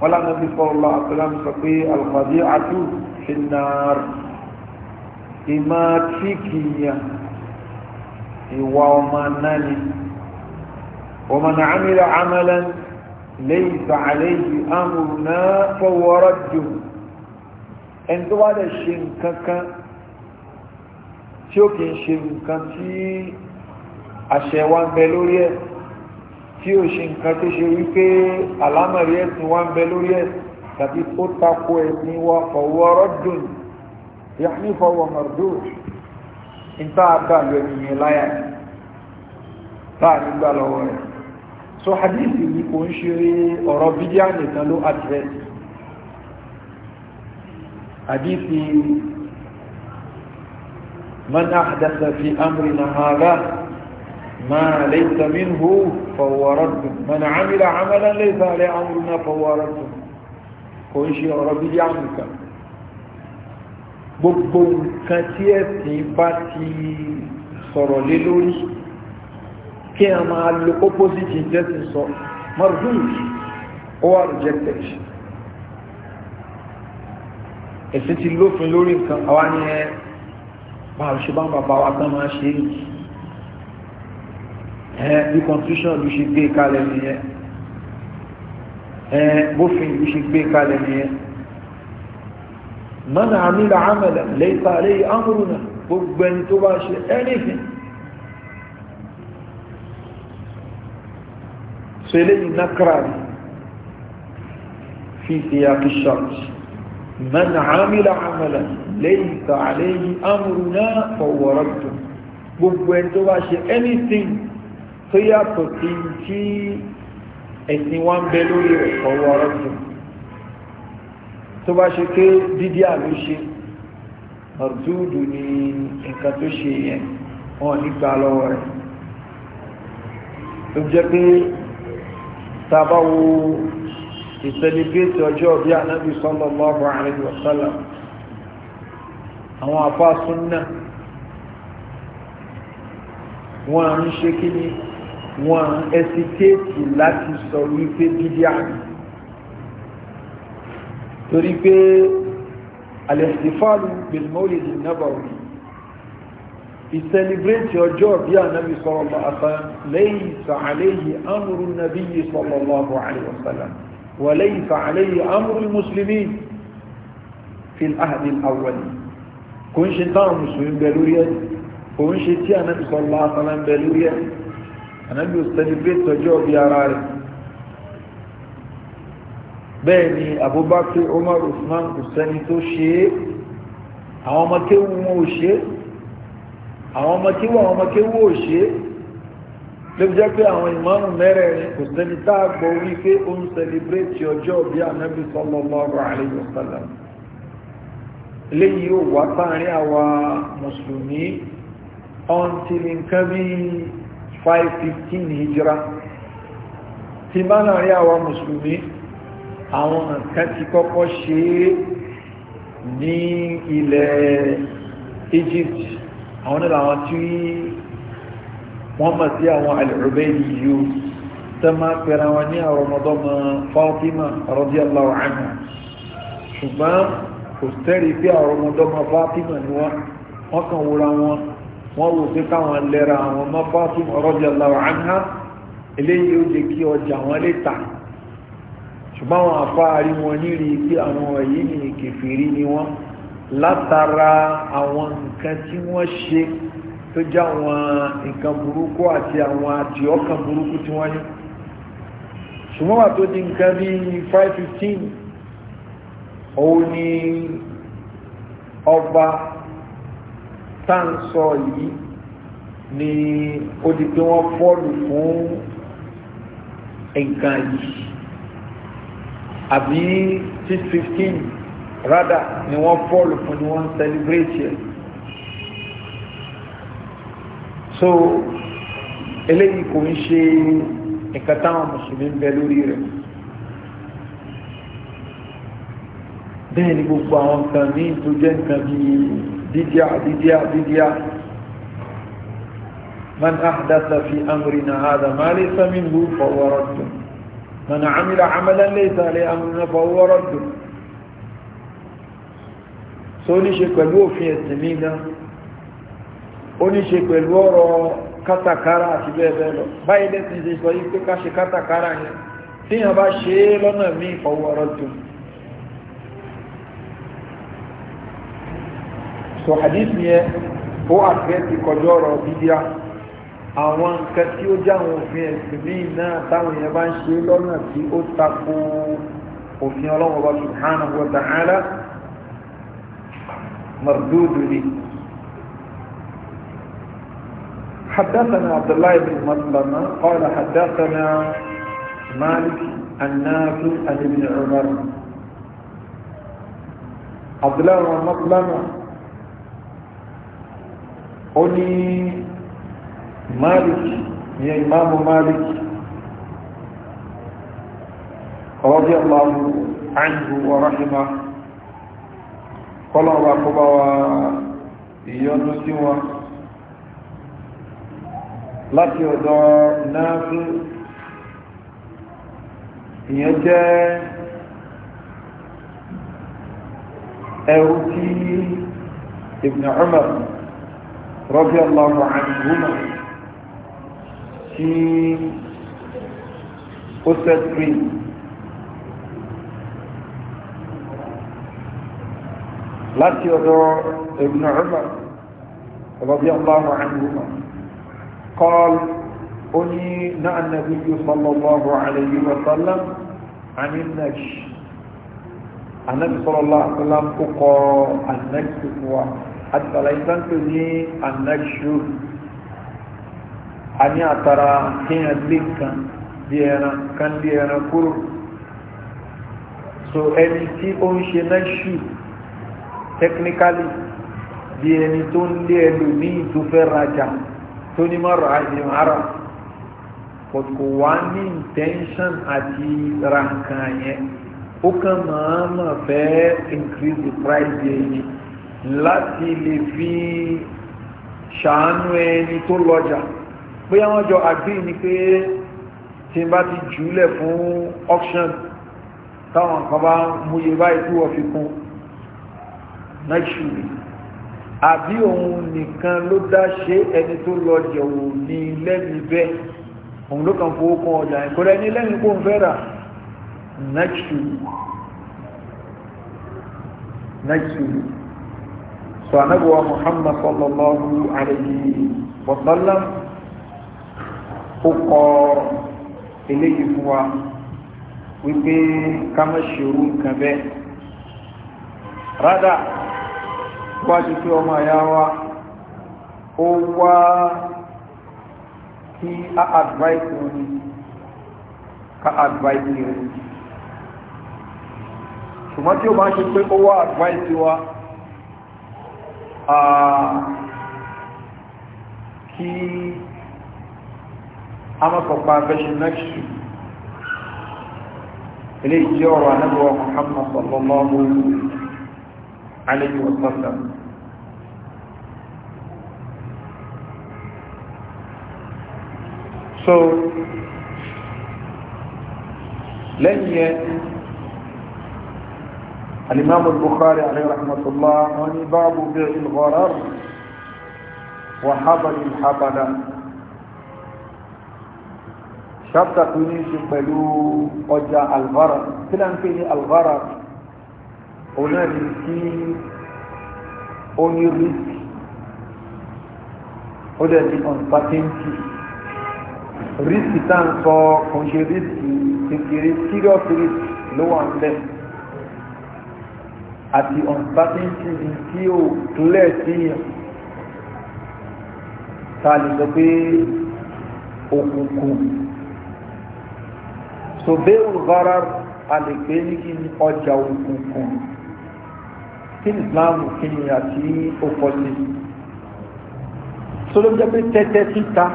wọ́n lánà bí sallallahu alayhi wa sallam sọ pé alùpàdé àtú fi nàár ìmá tí kìíyàn ìwà ọmọ náà ni ومن عمل عملا ليس عليه أمرنا فهو رد ẹni tó wá lè ṣe nǹkan kan tí ó kìí ṣe nǹkan tí àṣẹ wa ń bẹ lórí ẹ̀ tí ó ṣe nǹkan tó ṣe wípé àlámọ̀rí ẹ̀sìn wa ń bẹ lórí ẹ̀ tàbí ó tako ẹ̀sìn wa fọwọ́ rọ́dùn yàní fọwọ́ mọ̀rọ̀dùn níta àgbà lọ ènìyàn láyà táà nígbà lọ́wọ́ rẹ̀ so hadith yìí kò ń ṣe ọ̀rọ̀ bídíà nìkan ló àdírẹ́sì hadith yìí من أحدث في أمرنا هذا ما ليس منه فهو رد من عمل عملا ليس لأمرنا فهو رد kòí ṣe ọ̀rọ̀ bíi àmìkà gbogbo nǹkan tí ẹ̀sìn bá ti sọ̀rọ̀ lé lórí kí a máa lo opposite ìjẹ́sìn sọ mọ́rùn-ún rejected ẹ̀sìn ti lófin lórí nǹkan àwa ni ẹ bá ṣe bá bàbá wa tán máa ṣe ẹ̀ bí constitution ló ṣe gbé kalẹ̀ nìyẹn ẹ̀ bófin ló ṣe gbé kalẹ̀ nìyẹn mọ́nà àmìlà àmàlà lẹ́yìn àlẹ́ àmúrùnà gbogbo ẹni tó bá ṣe anything so eléyìí nákàrà ni fi ìyàkí mọ́nà àmìlà àmàlà ليس عليه أمرنا فورده gbogbo ẹni tó bá ṣe anything tó yàtọ̀ sí tí ẹ̀sìn wa ń bẹ lórí rẹ̀ ọwọ́ ọ̀rọ̀ tó tó bá ṣe pé dídí àló ṣe ọ̀dúdù ni nǹkan tó ṣe yẹn wọn nígbà lọ́wọ́ rẹ̀ tó jẹ́ pé tá a ọjọ́ bí anábì sallallahu alaihi wasallam àwọn àfá súnnà wọ́n ń ṣe kí ni wọ́n ẹsitéètì láti sọ wípé bídíà ni torí pé alẹ́sìfàlù bèlmọ́lì ní nábàwí ìsẹ̀lẹ̀bẹ̀tì ọjọ́ bí ànábì sọ́rọ̀lọ́ àtàlẹ́yìn sàálẹ́yìn amúrú nàbí yìí sọ́lọ́lọ́ àríwọ̀sálà wà lẹ́yìn sàálẹ́yìn amúrú mùsùlùmí fi àhàdì àwọ̀lì kò ń ṣe táwọn mùsùlùmí bẹ lórí ẹ̀ kò ń ṣe tí ànábì sọ̀lá àtàlà ń bẹ lórí ẹ̀ ànábì ò sẹ́lẹ̀bẹ̀tì ọjọ́ bí ara rẹ̀ bẹ́ẹ̀ ni Abubakar Umar Usman kò sẹ́ni tó ṣe é àwọn ọmọ kéwù wọn ò ṣe é àwọn ọmọ kéwù àwọn ọmọ kéwù ò ṣe é ló jẹ́ pé àwọn ìmáàmù mẹ́rẹ̀ẹ̀rin kò sẹ́ni tá a gbọ́ wípé ó ń sẹ́lẹ̀bẹ̀tì ọjọ́ bí ànábì sallallahu alaihi wasallam léyìí ó wà táàrin àwa mùsùlùmí ọ̀ntìlì nǹkan bí 515 hijira ti bá láàrin àwa mùsùlùmí àwọn nǹkan ti kọ́kọ́ ṣe ní ilẹ̀ Egypt àwọn nílò àwọn tí wọ́n mọ̀ sí àwọn alìrùbẹ́lì yìí tẹ́ máa pẹ̀rẹ̀ wọn ní àwọn ọmọdọ́mọ Fatima radiyallahu ṣùgbọ́n kò sẹ́rí pé àwọn ọmọdọ́mọ fátímà ni wọ́n wọ́n kàn wúra wọn wọ́n wò pé káwọn lẹ́ra àwọn ọmọ fátímà radiyallahu anha eléyìí ó jẹ́ kí ọjà wọn lè tà ṣùgbọ́n àwọn afáàrí wọn nírí pé àwọn èyí ni kèfèrí ni wọ́n látara àwọn nǹkan tí wọ́n ṣe tó jẹ́ àwọn nǹkan burúkú àti àwọn àdìọ́kàn burúkú tí wọ́n ní ṣùgbọ́n wà tó di nǹkan bíi five fifteen òun ni ọba táǹsọ yìí ni ó di pé wọ́n fọ́ọ̀lù fún nǹkan yìí àbí six fifteen rádà ni wọ́n fọ́ọ̀lù fún ni wọ́n ń celebrate so eléyìí kò ń ṣe nǹkan táwọn mùsùlùmí ń bẹ lórí rẹ̀. bẹ́ẹ̀ ni gbogbo àwọn nǹkan ní tó jẹ́ nǹkan bí dídíà dídíà dídíà man ahdatha fi amrina hadha ma laysa minhu fahuwa raddun man amila amalan laysa alayhi amruna fahuwa raddun so ó ní ṣe pẹ̀lú òfin ẹ̀sìn mi gan ó ní ṣe pẹ̀lú ọ̀rọ̀ kátàkárà àti bẹ́ẹ̀ bẹ́ẹ̀ lọ báyìí lẹ́sìn so hadith yẹn ó àfẹ́ ti kọjọ́ ọ̀rọ̀ bíbíà àwọn nǹkan tí ó já àwọn òfin ẹ̀sìn míì náà táwọn èèyàn bá ń ṣe lọ́nà tí ó tako òfin ọlọ́run ọba subhanahu wa ta'ala mardúdú ni حدثنا عبد الله بن مسلمة قال حدثنا مالك النافي عن ابن عمر عبد الله بن مسلمة ó ní malik ní imamu malik ọ̀rọ̀dí allahu anhu wa rahima kọlọ̀wà kó sí wọn láti ọ̀dọ̀ náà ìyẹn jẹ́ tí ibn umar radiyallahu anhuma tí ó sẹ́tìrì láti ọ̀dọ̀ ibn Umar radiyallahu anhuma qala ó ní náà nabiyyu sallallahu alayhi wa sallam àní nash anabi sallallahu alayhi wa sallam kó kọ àtàlà ìtànkù ní anáṣù a ní àtàrà kíyàn lè kan bí ẹran kan bí ẹran kúrò so ẹni tí ó ń ṣe náṣù technically bí ẹni tó ń lé ẹlò ní ìtúfẹ́ rajà tó ní mọ́rọ̀ àìyànwárà but kò wá ní intention àti ra nǹkan yẹn ó kàn máa mọ̀ fẹ́ increase the price yẹn láti lè fi ṣàánú ẹni tó lọ́jà bóyá wọ́n jọ agree ni pé tí bá ti jùúlẹ̀ fún auction táwọn kan bá múye báyìí tí wọ́n fi kún nẹ́ṣùrì àbí òun nìkan ló dá ṣe ẹni tó lọ́jà ò ní lẹ́mìí bẹ́ẹ̀ òun ló kàn fowó kan ọjà ìkọ́rẹ́ ní lẹ́mìí kó ń fẹ́ rà nẹ́ṣùrì so anabuwa muhammad sallallahu alayhi wa sallam ó kọ eléyìí fún wa wípé ká má ṣerú nǹkan bẹ́ẹ̀ rádà wájú tí ọmọ àyá wa ó wá kí a advice wọn ká advice rẹ̀ ṣùgbọ́n tí ó bá ṣe pé ó wá advice wa kí a mọ́ pọ̀pá abẹ́ṣin mẹ́ṣù ilé ìjẹ́ ọ̀rọ̀ anábọ̀wọ̀ Muhammad sallallahu alayhi wa sallam so lẹ́yìn ẹ̀ الإمام البخاري عليه رحمة الله وني باب بيع الغرر وحبل الحبل شرط تونيش بلو وجاء الغرر كلام فيه الغرر هنا ريسكي أوني ريسك هذا دي uncertainty ريسكي تانسو كونشي ريسكي تكي ريسكي لو ريسكي لو عن ده àti uncertainty tí ó túlẹ̀ sí yàn ta lè sọ pé òkùnkùn so bẹ́ẹ̀ ò rárá a lè pé ní kí ni ọjà òkùnkùn kí ni islamu kí ni àti òkọ sí so ló jẹ́ pé tẹ́tẹ́ títa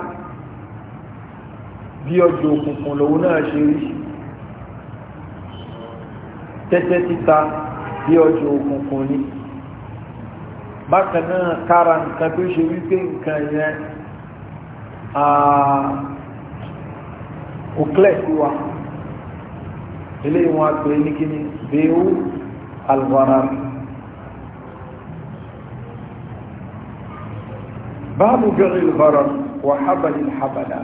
bí ọjà òkùnkùn lòun náà ṣe rí tẹ́tẹ́ títa bí ọjọ́ òkùnkùn ni bákan náà kára nǹkan tó ṣe wípé nǹkan yẹn òkúlẹ̀ sí wa ilé ìwọ̀n àpè ní kíni bẹ́ẹ̀wò alwara báàbù gẹ̀rẹ̀ ìlbára wà hábàlì hábàlà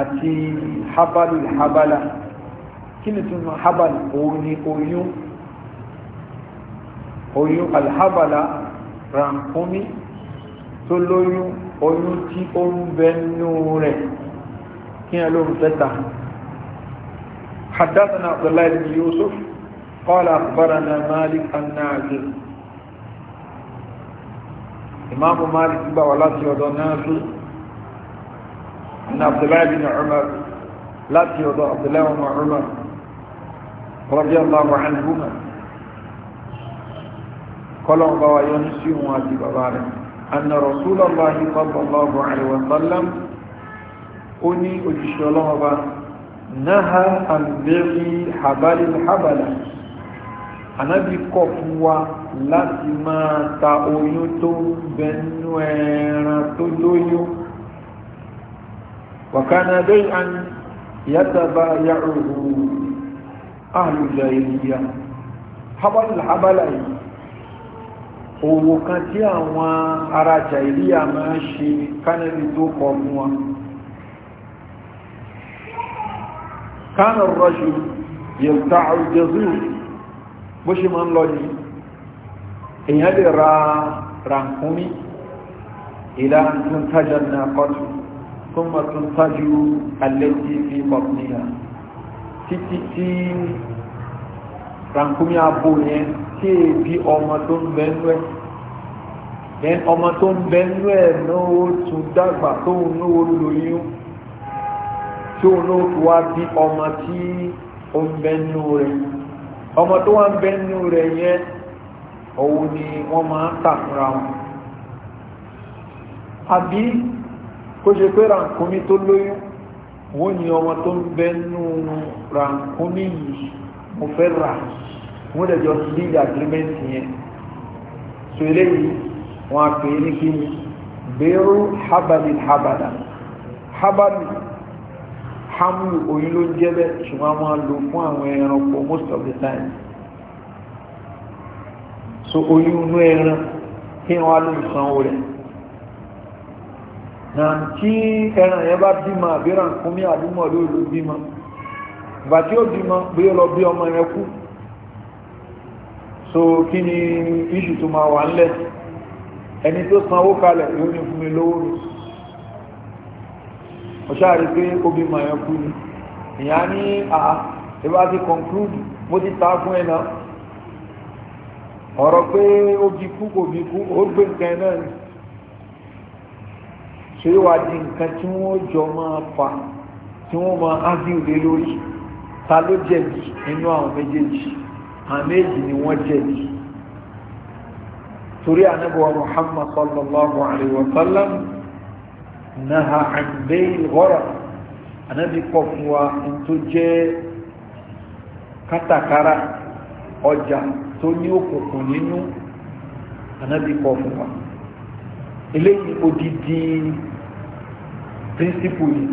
àti hábàlì hábàlà kí ni túnmọ̀ habala òun ni oyún oyún alhabala rankumi tó lóyún oyún tí ó ń bẹ nínú rẹ̀ kí ni حدثنا عبد الله بن يوسف قال أخبرنا مالك الناجي إمام مالك بن ولاتي ودناسي أن عبد الله بن عمر لا ودن عبد الله بن عمر radiyallahu anhuma kọlọ̀n bá wa yọ́n sí wọn àti bàbá rẹ̀ anna rasulallahi sallallahu alaihi wasallam ó ní òjìṣẹ́ ọlọ́mọba náà àbẹ̀rí habali habala anábì kọ̀ fún wa láti máa ta oyún tó bẹnu ẹran tó lóyún wàkánadé àn yàtàbá yàrùrù ààrùn jahiliya habalul habala yìí òwò kan tí àwọn ará jahiliya máa ń ṣe kánẹ́lì tó kọ fún wọn kánà rọ́ṣù yẹ̀ta àrùjẹ̀zú bó ṣe máa ń lọ ní èyàn lè ra ràǹkúnmí ìlà tún náà kọ́tù tó mọ̀ tún alẹ́ tí fi bọ̀ níyà títí tí rankumi abo yẹn tí èbí ọmọ tó ń bẹ nú ẹ then ọmọ tó ń bẹ nú ẹ náà tún dàgbà tóun náà lóyún tóun náà tó wá bí ọmọ tí ó ń bẹ nú rẹ ọmọ tó wá ń bẹ nú rẹ yẹn òun ni wọ́n máa ń tà fúnra wọn àbí kó ṣe pé rankumi tó lóyún wọ́n ní ọmọ tó ń bẹ́ nù ràǹkúnmí yìí mo fẹ́ rà wọ́n dẹ̀ jọ sí ní agreement yẹn so eléyìí wọ́n á pè é ní kí ni bẹ́ẹ̀rù habali habala habali hamu oyin ló ń jẹ́ bẹ́ẹ̀ ṣùgbọ́n a máa lò fún àwọn ẹranko most of the time so oyin inú ẹran kí wọ́n á lò sàn rẹ̀ tí ẹran yẹn bá bímọ àbíra nǹkan mi àbímọ ló ló bímọ ìgbà tí ó bímọ bí lọ bí ọmọ yẹn kú so kí ni iṣu tó máa wà ńlẹ̀ ẹni tó sanwó kalẹ̀ yóò ní fún mi lówó mi ọ̀ṣáàrí pé ó bímọ yẹn kú ni ìyá ní àá ìbá ti conclude mo ti ta fún ẹ náà ọ̀rọ̀ pé ó bí kú kò bí kú ó gbé nǹkan náà ni ṣe wá di nǹkan tí wọ́n jọ máa fa tí wọ́n máa ágìrì lé lórí ta ló jẹ̀bi nínú àwọn méjèèjì àwọn méjì ni wọ́n jẹ̀bi torí anábọ̀wá muhammad sallallahu alayhi wa sallam naha àgbẹ̀yìn rọ́rà anábì kọ̀ fún wa n tó jẹ́ kátàkárà ọjà tó ní òkùnkùn nínú anábì kọ̀ fún wa eléyìí odidi píríncípù yìí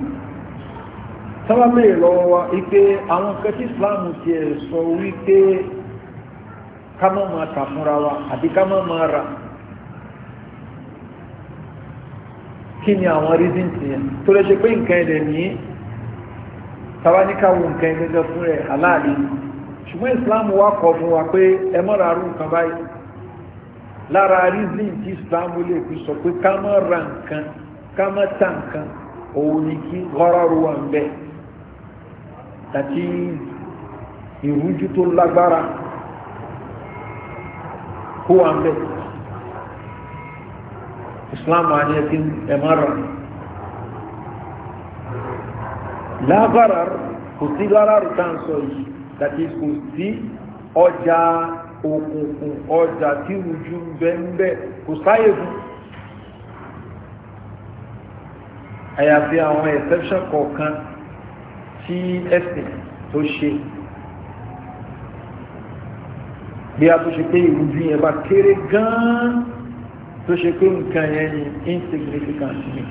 sábàbẹ̀ lọ́wọ́ wa wípé àwọn kẹ́sí Islam ti ẹ̀ sọ wípé ká má máa tà fúnra wa àbí ká má máa rà kí ni àwọn reason ti yẹn tó lè ṣe pé nǹkan ẹ̀dẹ̀ ní tabaníkàwò nǹkan ẹ̀gẹ́gẹ́ fún rẹ̀ aláàlẹ́ ṣùgbọ́n Islam wá kọ fún wa pé ẹ mọ́ra arú nǹkan báyìí lára reason tí islam lè fi sọ pé ká má ra nǹkan ká má ta nǹkan òun ni kí gọ́rọ́rù wà ń bẹ̀ àti ìrújú tó lágbára kó wà ń bẹ̀ islam á ẹtí ẹ má ra lágbára kò sí gọ́rọ́rù tá à ń sọ yìí àti kò sí ọjà òkùnkùn ọjà tí rújú ń bẹ ń bẹ kò sáyè fún àyàfi àwọn exception kọ̀ọ̀kan tí ẹ̀sìn tó ṣe bí a tó ṣe pé ìrújú yẹn bá kéré gan-an tó ṣe pé nǹkan yẹn ni insignificant ni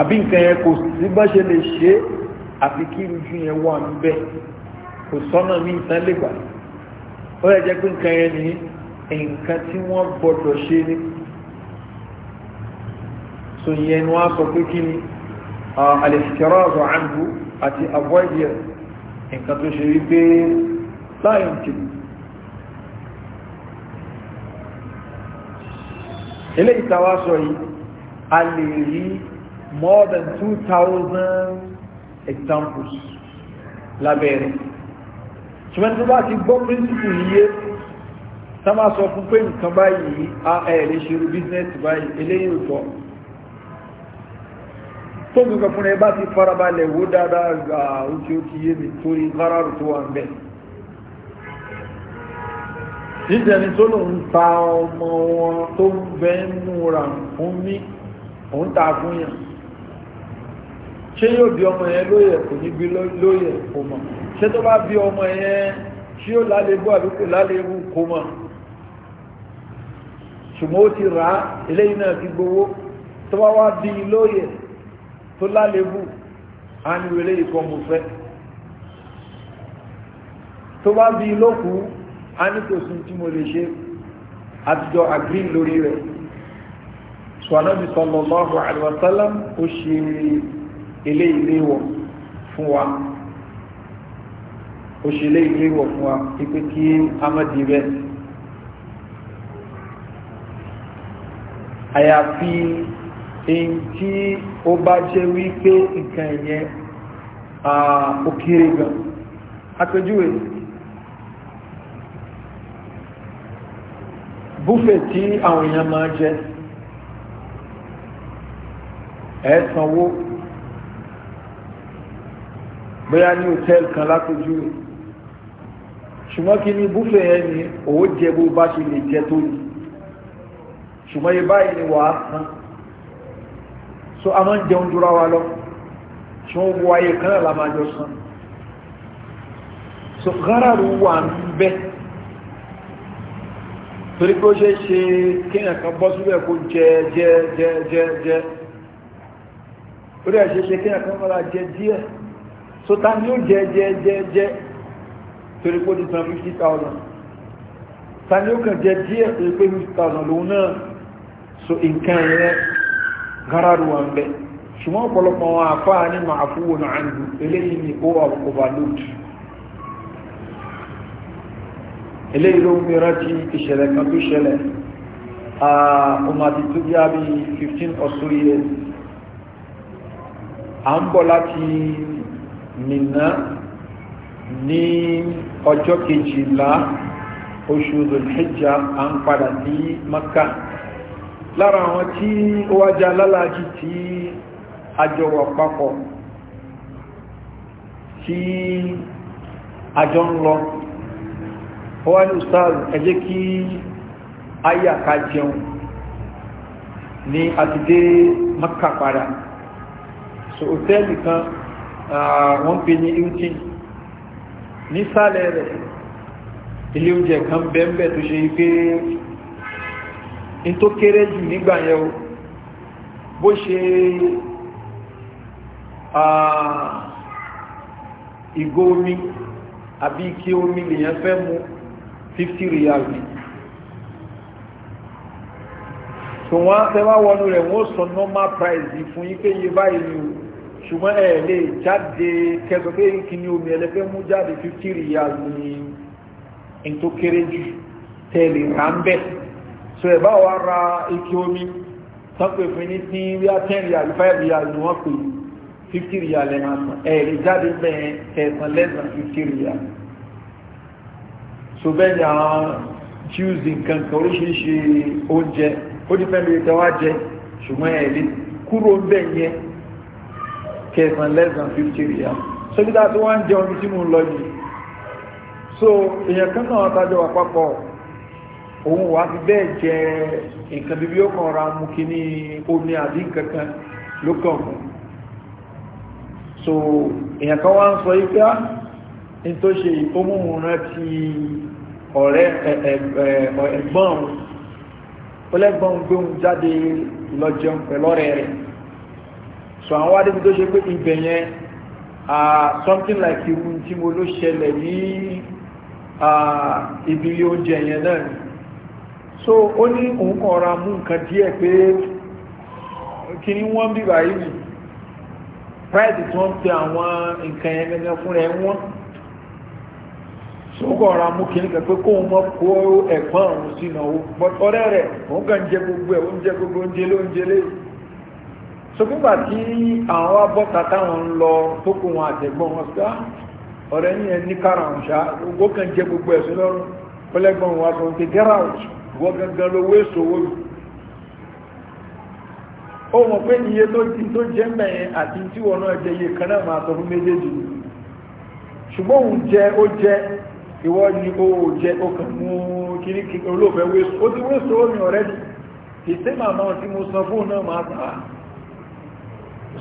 àbí nǹkan yẹn kò sí bá ṣe lè ṣe àfi kí ìrújú yẹn wà ń bẹ́ẹ̀ kò sọ́nà mí ìtàn lè gbà ó yẹ jẹ́ pé nǹkan yẹn ni nǹkan tí wọ́n gbọ́dọ̀ ṣe ni so yẹn ni wọ́n sọ pé kí ni àlèṣìkẹ́rọ̀ ọ̀rọ̀ àǹdù àti avoid nǹkan tó ṣe wípé sáyẹ̀ntì ilé ìtawà sọ yìí a lè rí more than 2000 examples lábẹ́rẹ̀ ṣùgbọ́n tó bá ti gbọ́ príncipù yíye tá máa sọ fún pé nǹkan báyìí a ẹ̀rẹ́ ṣerú bíznẹ́sì báyìí eléyìí ò tọ́ tó mi kọ̀ fún ẹ bá ti farabalẹ̀ wó dáadáa gbà òkè òkè yé mi torí káràrù tó wà ń bẹ̀ níjẹni tó lòun ta ọmọ wọn tó ń bẹ nù ra fún mi òun ta fún yàn ṣé yóò bí ọmọ yẹn lóye kò ní bí lóye kò mọ̀ ṣé tó bá bí ọmọ yẹn tí ó lálébú àbí kò lálébú kó mọ̀ ṣùgbọ́n ó ti rà á eléyìí náà ti gbowó tó bá wá bí lóye tó lálébú á ní wẹlé ìkọ́ mo fẹ́ tó bá bí lókù á ní kò sùn tí mo lè ṣe àtijọ́ àgírí lórí rẹ̀ sọ̀nàbí sọ̀lọ́lọ́hùn àlùwàsálàm ó ṣe eléyìí léwọ̀ fún wa ó ṣe lé ilé wọ̀ fún wa pípé kí a má di rẹ̀ àyàfi èyí tí ó bá jẹ́ wípé nǹkan ẹ̀yẹn ó gan àpèjúwe búfẹ̀ tí àwọn èèyàn máa jẹ ẹ̀ bóyá ní hòtẹ́ẹ̀lì kan lápèjúwe ṣùgbọ́n kí ni búfẹ́ yẹn ni òó jẹ bó bá ṣe lè jẹ tó ní ṣùgbọ́n yẹ báyìí ni wàá san so a máa ń jẹun dúra wa lọ ṣùgbọ́n gbogbo ayé kan náà la máa jọ san so gáràrú wà ń bẹ́ torí pé ó ṣe ṣe kéèyàn kan bọ́ síbẹ̀ kó jẹ jẹ jẹ jẹ jẹ ó dẹ̀ ṣe ṣe kéèyàn kan mọ́ra jẹ díẹ̀ so ta ni ó jẹ jẹ jẹ jẹ. jẹ torí pé ó ti san fifty thousand tani ó kàn jẹ díẹ̀ torí pé fifty thousand lòun náà so nǹkan yẹn gararu wa ń bẹ ṣùgbọ́n ọ̀pọ̀lọpọ̀ wọn àfáà ní màá fún wọn àǹdù eléyìí ni ó overload eléyìí ló ń mìíràn tí ìṣẹ̀lẹ̀ kan tó ṣẹlẹ̀ ọmọ àti tó bí i or so years à ń bọ̀ láti mìíràn ní ọjọ́ kejìlá oṣù zulhijja a ń padà ní maka lára àwọn tí ó wájá lálàájì tí àjọwọ̀ papọ̀ tí àjọ ń lọ ó wá ní ustaz ẹjẹ́ kí ayàká jẹun ní àti dé maka padà so òtẹ́ẹ̀lì kan wọ́n pè ní hilton nísàlẹ̀ rẹ̀ ilé oúnjẹ kan bẹ́ẹ̀bẹ̀ tó ṣe pé in tó kéré jù nígbà yẹn o bó ṣe ìgò omi àbí kí omi lèyàn fẹ́ mu 50 riyal ni so wọ́n tẹ́wà wọnú rẹ̀ wọ́n sọ normal price fún yí pé yé báyìí ṣùgbọ́n ẹ lè jáde kẹsàn pé kí ni omi ẹlẹ́fẹ́ mú jáde fifty riyal ní n tó kéré jù tẹ̀lé rà ń bẹ̀ so ẹ̀ wa ra ike omi tán fún ní tí bí a ten riyal five riyal ni wọ́n pè fifty riyal ẹ̀ máa san ẹ̀ lè jáde bẹ́ẹ̀ kẹsàn lẹ́sàn fifty riyal so bẹ́ẹ̀ ni àwọn jews nǹkan kan oríṣiríṣi oúnjẹ ó dìpẹ́ lórí tẹ́wọ́ jẹ ṣùgbọ́n ẹ̀ lè kúrò ń yẹn kẹsàn less than 50 riyal so bí dáa tó wá ń jẹ omi tí mo lọ yìí so èèyàn kan náà tájọ wà papọ̀ òun wà fi bẹ́ẹ̀ jẹ nǹkan bíbí ó kàn ra mú kí ní omi àbí nǹkan ló kàn mú so èèyàn kan wá ń sọ yìí pé á ah, ní tó ṣe ìfowóhùn rántí ọ̀rẹ́ ẹ̀gbọ́n òun gbóhùn jáde lọ jẹun pẹ̀lọ́rẹ̀ rẹ̀ so àwọn adébi tó ṣe pé ibẹ̀ yẹn something like irú tí mo ló ṣẹlẹ̀ ní ibi ilé oúnjẹ yẹn náà ni so ó ní òun kan ra mú nǹkan díẹ̀ pé kí ni wọ́n bí báyìí nì price tí wọ́n pe àwọn nǹkan yẹn gẹ́gẹ́ fúnra ẹ̀ wọ́n sókò ọ̀rọ̀ amúkìní kan pé kóun mọ́ kó ẹ̀gbọ́n òun sínú ọ̀rẹ́ rẹ̀ òun kàn jẹ gbogbo ẹ̀ oúnjẹ gbogbo oúnjẹ lóúnjẹ léyìí sókúngbà tí àwọn abọ́ta táwọn ń lọ tó kún wọn àtẹ̀gbọ́n wọn sí ah, ọ̀rẹ́ ní ẹni karùn-ún ṣá gbogbo kan jẹ gbogbo ẹ̀sùn lọ́rùn pẹ́lẹ́gbọ́n wa sọ ti get out wọ́n gangan lówó èso owó yìí ó mọ̀ pé iye tó jẹ́ mẹ́yẹn àti tí wọn náà jẹ iye kan náà máa sọ fún méjèèjì ṣùgbọ́n òun jẹ ó jẹ ìwọ ni ó jẹ ó kàn mú kiri olóòfẹ́ wéṣọ ó ní ọ̀rẹ́dì ìsẹ́mà náà tí mo san fóun náà máa tà á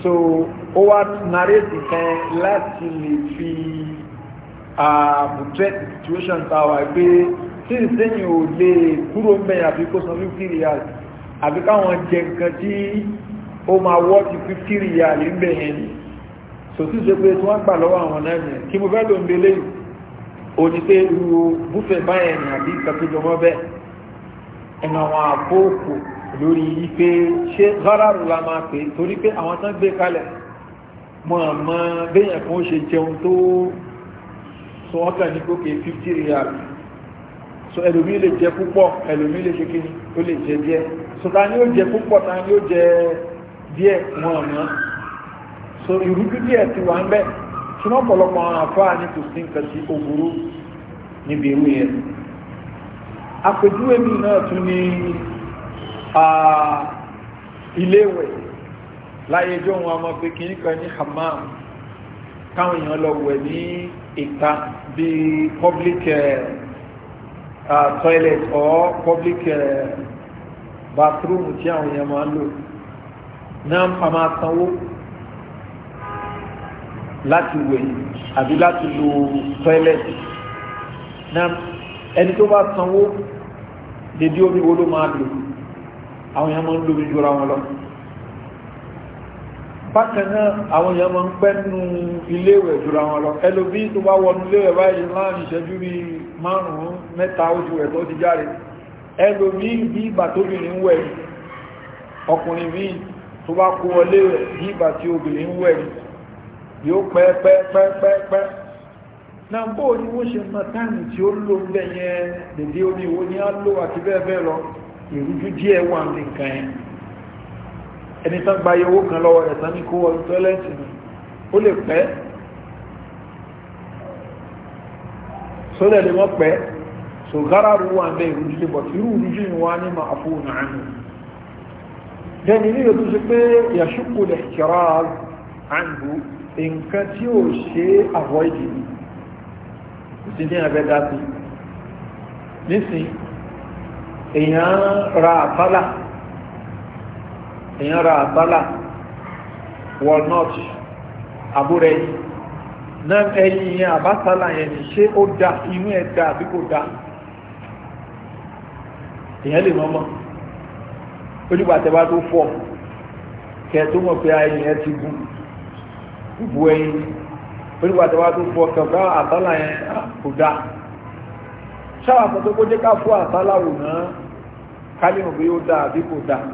so ó wá narrate kan láti lè fi àbùtẹ́ situation tàwa pé tí ìsẹ́yìn ò lè kúrò ń bẹ̀yìn àfi kó san 50 riyal àfi káwọn jẹ nǹkan tí ó máa wọ́ ti 50 riyal ń bẹ̀yìn ni so tí ìṣe pé tí wọ́n gbà lọ́wọ́ àwọn náà yẹn kí mo fẹ́ lò ń belé yìí ó ní pé irú búfẹ̀ báyẹn ni àbí ìkàtújọmọ́ bẹ́ẹ̀ ẹ̀nà àwọn àpò lórí wípé ṣé gáràrù la máa pè torí pé àwọn tán gbé kalẹ̀ mọ̀ mọ́ béèyàn kan ṣe jẹun tó sọ ọ́kà ní kókè 50 real so ẹlòmí lè jẹ púpọ̀ ẹlòmí lè ṣe kíni ó lè jẹ díẹ̀ so ta ni ó jẹ púpọ̀ ta ni ó jẹ díẹ̀ mọ̀ mọ́ so ìrújú díẹ̀ ti wà ń bẹ̀ ṣùgbọ́n ọ̀pọ̀lọpọ̀ àwọn àfáà ní kò sí nǹkan sí ògúrú níbi irú yẹn àpèjúwe mi náà tún ní iléèwẹ̀ láyé jọ wọn a máa pe kìíní kan ní hammam káwọn èèyàn lọ wẹ̀ ní ìta bíi public eh, toilet or public uh, bathroom tí àwọn èèyàn máa ń lò náà a máa sanwó láti wẹ̀ àbí láti lo toilet náà ẹni tó bá sanwó dédé omi wo ló máa lò àwọn èèyàn máa ń lóbi jura wọn lọ bákan náà àwọn èèyàn máa ń pẹ́ nu iléèwẹ̀ jura wọn lọ ẹlòmí tó bá wọnú iléèwẹ̀ báyìí láàrin ìṣẹ́jú bí márùn-ún mẹ́ta oṣù rẹ̀ tó ti járe ẹlòmí bí ìgbà tóbìnrin ń wẹ̀ ọkùnrin míì tó bá kó wọlé rẹ̀ bí ìgbà tí obìnrin ń wẹ̀ yóò pẹ́ pẹ́ pẹ́ pẹ́ pẹ́ ni wọ́n ṣe mọ táìmù tí ni á lò ìrújú díẹ̀ wà ní nǹkan ẹni tán gba iye owó kan lọ́wọ́ rẹ̀ ní kó wọ́n tọ́lẹ́tì ni ó lè pẹ́ sólẹ̀ lè wọ́n pẹ́ so gáràrú wà ní ìrújú lè bọ̀tí irú ìrújú yìí wá ní máa fún àánú ṣe àwọ̀ ìdí ní ìsìn ní nísìnyí èèyàn ra àbálà èèyàn ra àbálà walnut àbúrẹ́ náà ẹ̀yìn yẹn àbátálà yẹn ni ṣé ó da inú ẹ̀ da àbí kò da èèyàn lè mọ́mọ́ onígbàtẹ́ bá tó fọ́ kẹ tó mọ̀ pé ẹ̀yìn ẹ̀ ti gùn gbogbo ẹ̀yìn onígbàtẹ́ bá tó fọ́ kẹfà àbálà yẹn kò da ṣáwà sọ pé ká fọ́ àbálà wò náà kálíwò bí ó dáa bí kò dáa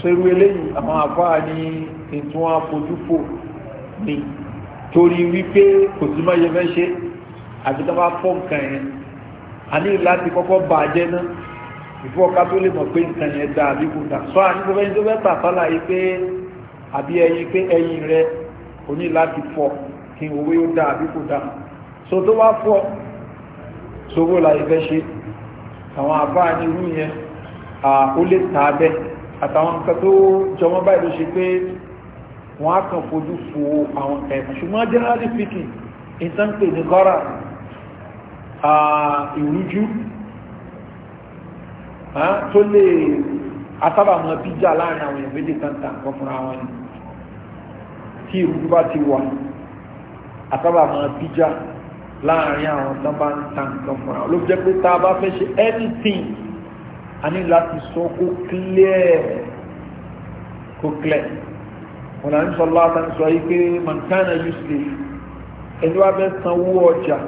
ṣerú eléyìí àwọn àfáà ní ìtún àfojúfò ni torí wípé kò sí mọ́ yẹfẹ́ ṣe àti tó bá fọ́ nǹkan yẹn a ní láti kọ́kọ́ bà á jẹ́ náà ìfọ́ ọ̀ká tó lè mọ̀ pé nǹkan yẹn dáa bí kò dáa sọ àní tó fẹ́ tó fẹ́ tà sálà yìí pé àbí ẹyin pé ẹyin rẹ o ní láti fọ kí owó yóò dáa bí kò dáa so tó bá fọ sowó la yẹfẹ́ ṣe àwọn àbá ní irú yẹn ó lè tà bẹ́ àtàwọn nǹkan tó jọmọ́ báyìí ló ṣe pé wọ́n á kàn fojú fo àwọn ẹ̀kọ́ ṣùgbọ́n generally speaking nǹkan pè ní gọ́ra ìrújú tó lè asábàmọ́ píjà láàrin àwọn èèyàn méjì kan tàn wọn tí ìrújú bá ti wà asábàmọ́ píjà láàrin àwọn tó bá ń ta nǹkan fúnra ló jẹ́ pé tá a bá fẹ́ ṣe anything a ní láti sọ kó clear kó clear wọn náà ń sọ láta ń sọ yìí pé montana useless ẹni wá fẹ́ sanwó ọjà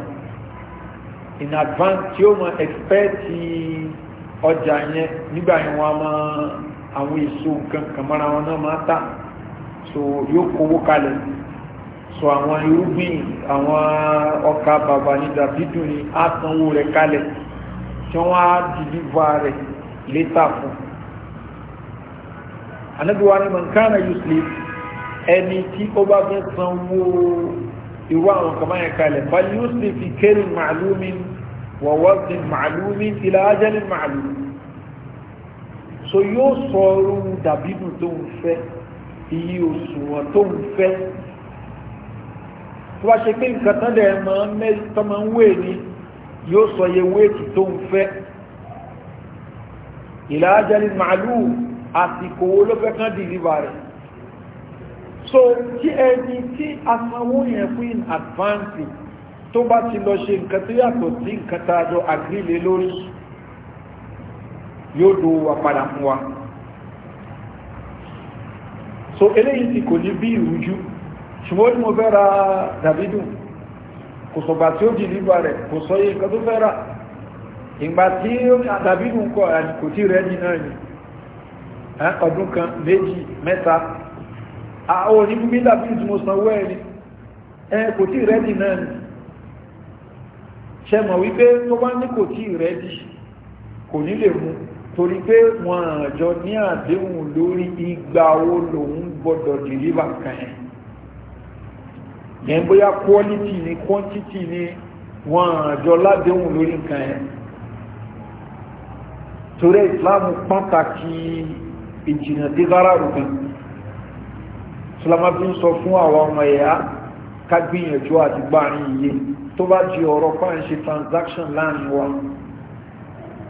in advance tí ó mọ expect ọjà yẹn nígbà yẹn wọn máa àwọn èso nǹkan kan mọ́ra wọn náà máa tà so yóò kówó kalẹ̀ so àwọn irúgbìn àwọn ọkà bàbà ní dàbídù ni á sanwó rẹ̀ kalẹ̀ tí wọ́n á dìlíva rẹ̀ létà fún anábíwá ni mọ̀nkánà yusuf ẹni tí ó bá fẹ́ sanwó irú àwọn kàmá yẹn kalẹ̀ bal yusuf fi kéré màálùmí wọ̀wọ́sìn màálùmí ìlà ájẹ́lì màálùmí so yóò sọ ọrùn dàbídù tó ń fẹ́ iye òṣùwọ̀n tó ń fẹ́ tó bá ṣe pé nǹkan tán lẹ̀ máa ń mẹ́ ń wé ni yóò sọ iye wéètì tó ń fẹ́ ìlà ajali màálù àsìkò wo ló dìlíbà rẹ̀ so tí ẹni tí asanwó yẹn fún in advance tó bá ti lọ ṣe nǹkan tó yàtọ̀ sí nǹkan tá a jọ àgírílẹ̀ lórí yóò do wa padà fún wa so eléyìí ti kò ní bí ìrújú ṣùgbọ́n ní mo fẹ́ ra dàbídù kò sọ̀gbà tí ó di nígbà rẹ̀ kò sọ yí nǹkan tó fẹ́ rà ìgbà tí dàbídù ń kọ́ àdìkò tí rẹ̀ ní náà ni ọdún kan méjì mẹ́ta àwọn onígbìmí dàbídù tí mo sanwó ẹ̀ ni kò tí rẹ̀ ní náà ni ṣe mọ̀ wípé tó bá ní kò tí rẹ̀ di kò ní lè mú torí pé wọn àjọ ní àdéhùn lórí ìgbà wo lòun gbọdọ̀ dìrí bàkàn yẹn yẹn bóyá quality ni quantity ni wọ́n àjọ ládéhùn lórí nǹkan yẹn torí islam pàtàkì ìjìnà tí rárá rùgbìn islam fi ń sọ fún àwọn ọmọ ẹ̀yà ká gbìyànjú àti gbàrin iye tó bá di ọ̀rọ̀ fáwọn ṣe transaction láàrin wa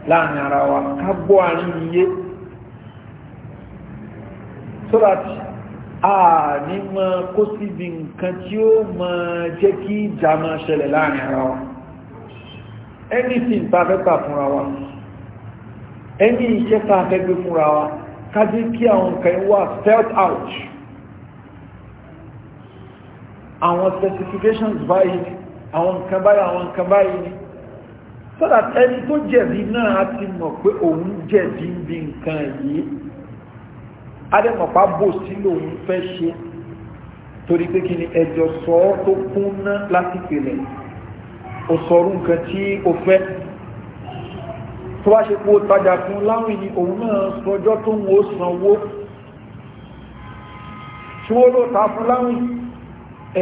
láàrin ara wa ká gbọ́ àrin iye so that àní mọ kó síbi nǹkan tí ó mọ jẹ́ kí ìjà máa ṣẹlẹ̀ láàrin ara wa anything tá a fẹ́ gbà fúnra wa any iṣẹ́ tá a fúnra wa ká kí àwọn nǹkan wà felt out àwọn specifications báyìí àwọn nǹkan báyìí àwọn nǹkan báyìí ni so that ẹni tó jẹ̀bi náà á ti mọ̀ pé òun jẹ̀bi nǹkan yìí adẹ́mọ̀pá bò sí lòun fẹ́ ṣe torí pé kí ni ẹjọ́ sọ ọ́ tó kún ná láti pèlè ó sọrú nǹkan tí ó fẹ́ tó bá ṣe pé ó tajà fún láwìn ni òun náà sọjọ́ tó ń wo sanwó tí wọ́n ló ta fún láwìn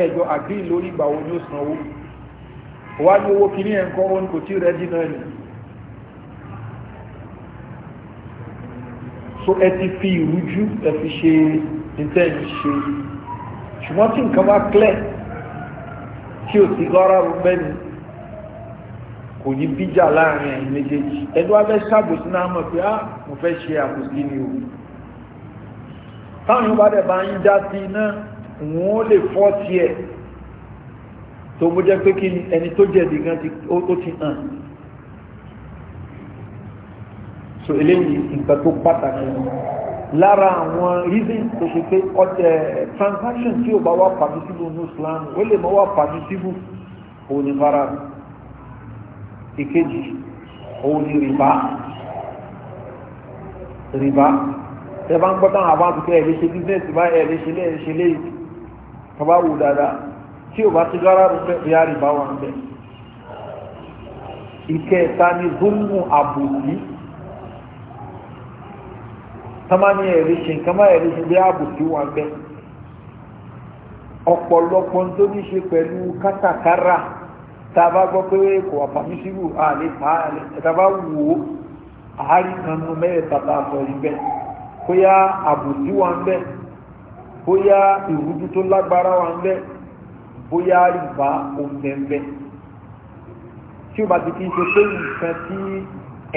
ẹ̀jọ́ àgbín lórí ìgbà wo ni ó sanwó wá ní owó kìíní ẹ̀ńkọ́ òun kò tí rẹ́ dínà nìyí so ẹ ti fi ìrújú ẹ fi ṣe intent ṣe ṣùgbọ́n tí nǹkan bá clear tí ò sí gọ́ra rúbẹ́ni kò ní bíjà láàrin ẹ̀yìn méjèèjì ẹni wá fẹ́ ṣàbòsí náà mọ̀ pé ah mo fẹ́ ṣe àbòsí ni o táwọn yorùbá dẹ̀ bá ń já sí iná wọ́n lè fọ́ tiẹ̀ tó mú jẹ́ pé kí ẹni tó jẹ̀bi gan ó ti hàn so eléyìí nǹkan tó pàtàkì lára àwọn reason tó ṣe pé ọtẹ transaction tí ò bá wà permissible ní Islam ó lè mọ wà permissible òun ni mara ìkejì òun ni rìbá rìbá ẹ bá ń gbọ́ táwọn àbá àtúntò ẹ̀ ṣe business bá ẹ̀ lè ṣe lé ẹ̀ ṣe lé kaba wù dáadáa tí ò bá ti rárá rẹ̀ ìyá rìbá wà ń bẹ̀ ìkẹta ni zulmu àbòsí kama ní ẹ̀rí kama ẹ̀rí ṣe bí àbùsí wà bẹ́ẹ̀ ọ̀pọ̀lọpọ̀ tó ní ṣe pẹ̀lú kátàkárà tá a bá gbọ́ pé kò wà pàmísírù àlè pàálè tá a bá wò ó àárín kan nu mẹ́ẹ̀ẹ́ta tá a sọ yìí bẹ́ẹ̀ bóyá àbùsí wà bẹ́ẹ̀ bóyá ìrújú tó lágbára wà bẹ́ẹ̀ bóyá ìbá òun bẹ́ẹ̀ bẹ́ẹ̀ tí o bá ti kí ṣe pé nǹkan tí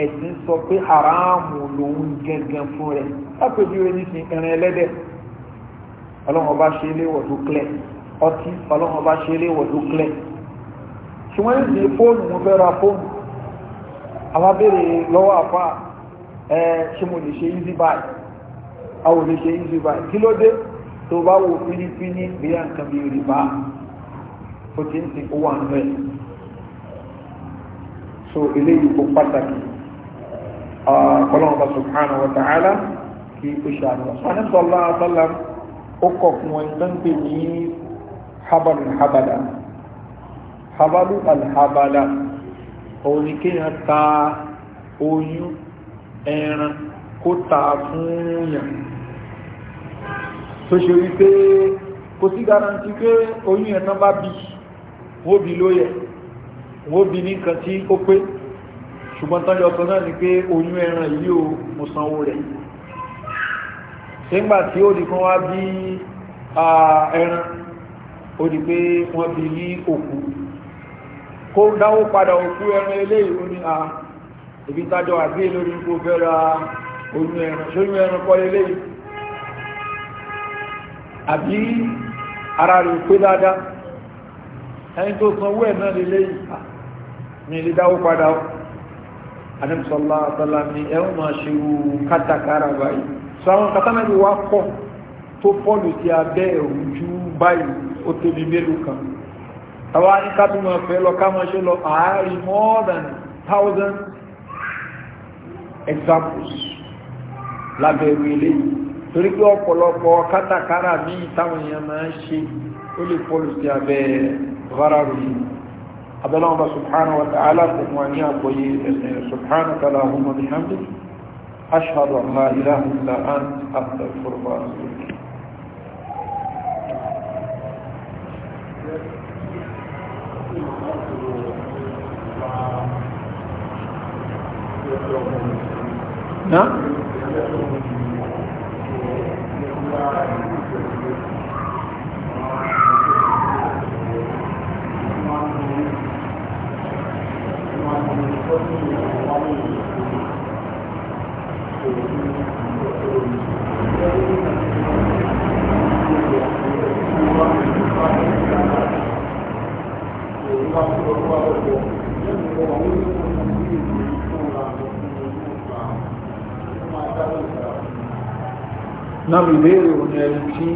ẹ̀sìn sọ pé haramu lòun gẹ́gẹ́ fún rẹ̀ lápẹjú rẹ̀ nísìn ẹran ẹlẹ́dẹ̀ ọlọ́run ọba ṣe léwọ̀ tó clear ọtí ọlọ́run ọba ṣe léwọ̀ tó clear tí wọ́n ń sin fóònù mo fẹ́ ra fóònù àwọn abéèrè lọ́wọ́ àfa ẹ ṣé mo lè ṣe easy buy a ò lè ṣe easy buy kí ló dé tó bá wo fínífíní bí i nǹkan bí rìbá ó ti ń sin owó àná ẹ̀ so eléyìí kò pàtàkì ọlọ́run subhanahu wa ta'ala kí ó ṣe àná sọ́nà sọ́lá sọ́lá ó kọ̀ fún wọn tó ń pè ní habalu habada habalu alhabada òun ni kéèyàn ta oyún ẹran kó ta fún yàn tó ṣe wípé kò sí garanti pé oyún ẹ̀ náà bá bí wọ́n bí lóyẹ̀ wọ́n bí ní nǹkan tí ó pé ṣùgbọ́n tán yọ kan náà ni pé oyún ẹran yìí o mo sanwó rẹ̀ ṣégbà tí ó di kan wá bí ẹran ó di pé wọ́n bí ní òkú kó dáwó padà òkú ẹran eléyìí ó a ibi tájọ àgbé lórí kó fẹ́ ra oyún ẹran ṣóyún ẹran kọ́ eléyìí àbí ara rẹ̀ pé dáadáa ẹni tó sanwó ẹ̀ náà lélẹ́yìí ní ilé dáwó padà ó anẹ́bùsọ́lá àtàlà ni ẹ ó máa ṣe wù kátàkárà báyìí so àwọn kátàmẹ́lì wá pọ̀ tó pọ̀lù sí abẹ́ òjú báyìí ó tóbi mélòó kan àwa ní fẹ́ lọ ká ṣe lọ àárín more than thousand examples lábẹ́ ìwé eléyìí torí pé ọ̀pọ̀lọpọ̀ kátàkárà míì táwọn èèyàn máa ń أدل الله سبحانه وتعالى تكوانيا قوي سبحانك لا هم بحمدك أشهد أن لا إله إلا أنت أبدا الفرقى نعم náà ìbéèrè òní ẹni tí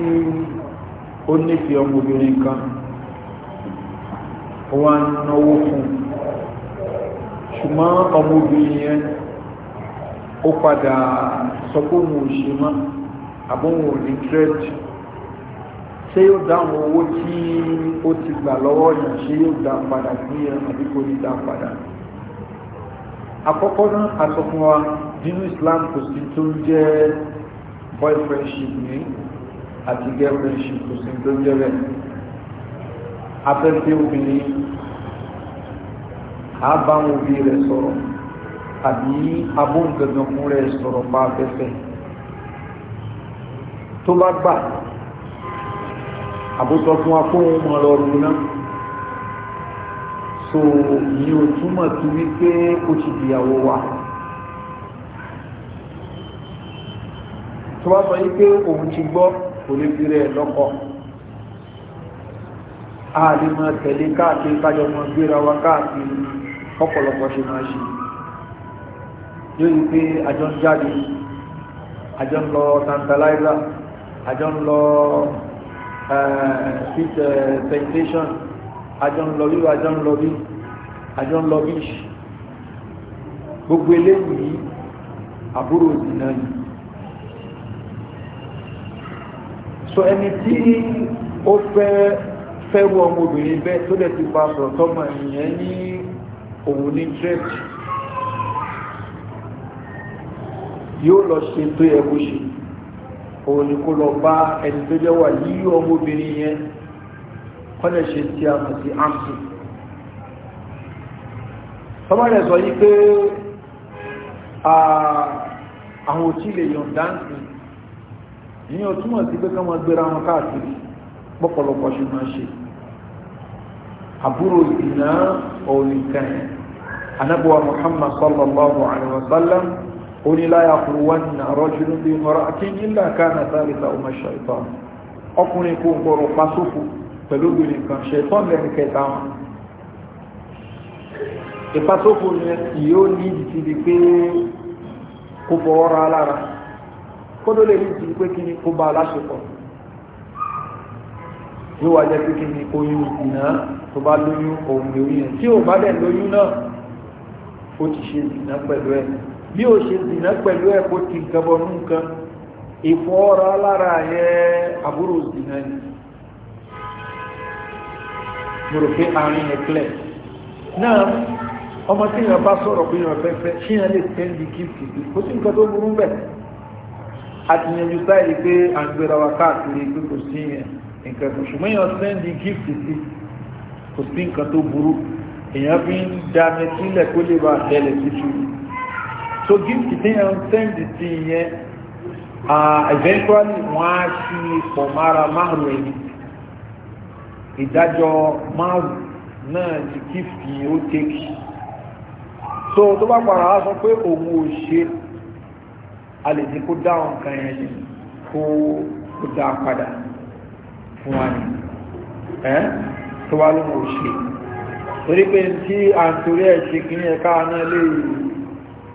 ó nífẹ̀ẹ́ ọmọbìnrin kan wọ́n náwó fún un ṣùgbọ́n ọmọbìnrin yẹn ó padà sọ pé òun ò ṣe mọ́ àbóhùn ò ní dírẹ́tì ṣé yóò dáhùn owó tí ó ti gbà lọ́wọ́ yìí ṣé yóò dá padà sí ẹ àbí kò ní dá padà àkọ́kọ́ náà àsọkùn wa nínú Islam kò sí tó ń jẹ́ boyfriendship ní àti girlfriendship kò sí tó ń jẹ́ bẹ́ẹ̀ afẹ́fẹ́ obìnrin àbáwọn òbí rẹ̀ sọ̀rọ̀ àbí abóǹdẹ̀dọ̀kún rẹ̀ sọ̀rọ̀ pa afẹ́fẹ́ tó bá gbà àbúsọ fún akóhun mọ̀ lọ́rùn náà so ni o túmọ̀ sí wípé o ti dìyàwó wa tó bá sọ yìí pé òun ti gbọ́ kò lè fi rẹ̀ lọ́kọ a lè máa tẹ̀lé káàkiri kájọ mọ gbéra wa káàkiri kọ́pọ̀lọpọ̀ ṣe máa ṣe yóò yí pé àjọ ń jáde àjọ ń lọ tantalizer àjọ ń lọ fit eh, eh, sanitation àjọ ń lọ bí àjọ ń lọ bí àjọ ń lọ bí gbogbo eléyìí àbúrò ìdìnnà yìí so ẹni tí ó fẹ́ fẹ́ wọ ọmọbìnrin bẹ́ẹ̀ tó dẹ̀ ti pa sọ̀rọ̀ ìyẹn ní òun ní dírẹ́tì yóò lọ ṣe tó yẹ kó ṣe òun ni kó lọ bá ẹni tó jẹ́ wà yíyí ọmọbìnrin yẹn kọ́lẹ̀ ṣe tí a mọ̀ sí amsù tọ́bá sọ yí pé àwọn òtí lè yàn dáǹsì ní ọtúnmọ̀ sí pé ká gbéra wọn káàkiri pọ́pọ̀lọpọ̀ ṣe máa ṣe àbúrò ìná òníkan anábọ̀wá muhammad sallallahu alaihi wa sallam ó ní láyà kúrò wọn ní àrọ́jùlú bí mọ́ra akínyí ńlá káàna sáàlìta ọmọ ṣàìtàn ọkùnrin kò gbọ́rọ̀ pásófò pẹ̀lú obìnrin kan ṣàìtàn lẹ́nu kẹta wọn ìpasófò ni yóò ní ìdìtìdì pé kó fọwọ́ ra lára kódó lè ní ìdìtìdì pé kí ni kó bá aláṣepọ̀ yóò wá jẹ́ pé kí ni kó yún tó bá lóyún òun ni oyún tí ò bá dẹ̀ lóyún náà ó ti ṣe zìnà pẹ̀lú ẹ̀ bí ó ṣe zìnà pẹ̀lú ẹ̀ kó ti gabọ̀ nú nǹkan ìfọ́ ọ̀rọ̀ alára yẹ àbúrò zìnà ni mo rò pé àárín ẹ̀kẹ́lẹ̀ náà ọmọ tí yàn bá sọ̀rọ̀ pé yàn fẹ́fẹ́ ṣí yàn lè tẹ́ ní gífì bí kò sí nǹkan tó burú bẹ̀ àtìyànjú sáìlì pé à ń káàkiri pé kò sí yẹn nǹkan kò ṣùgbọ́n yàn tẹ́ ní sí i kò sí nǹkan tó burú èèyàn fi ń dami sílẹ̀ kó lè bá tẹ́lẹ̀ títú so gift ní ẹ̀rọ sẹ́ǹdì sí ìyẹn eventually wọ́n á sí pọ̀ mára márùn ẹni ìdájọ́ márùn náà ti gift yìí ó tẹ́kì so tó bá padà wá sọ pé òun ò ṣe a lè ní kó dáhùn kan yẹn ni kó dá padà fún wa ni tó wá lóhun òṣè torí pé tí a ń torí ẹ̀ ṣe kí ní ẹ̀ká náà lè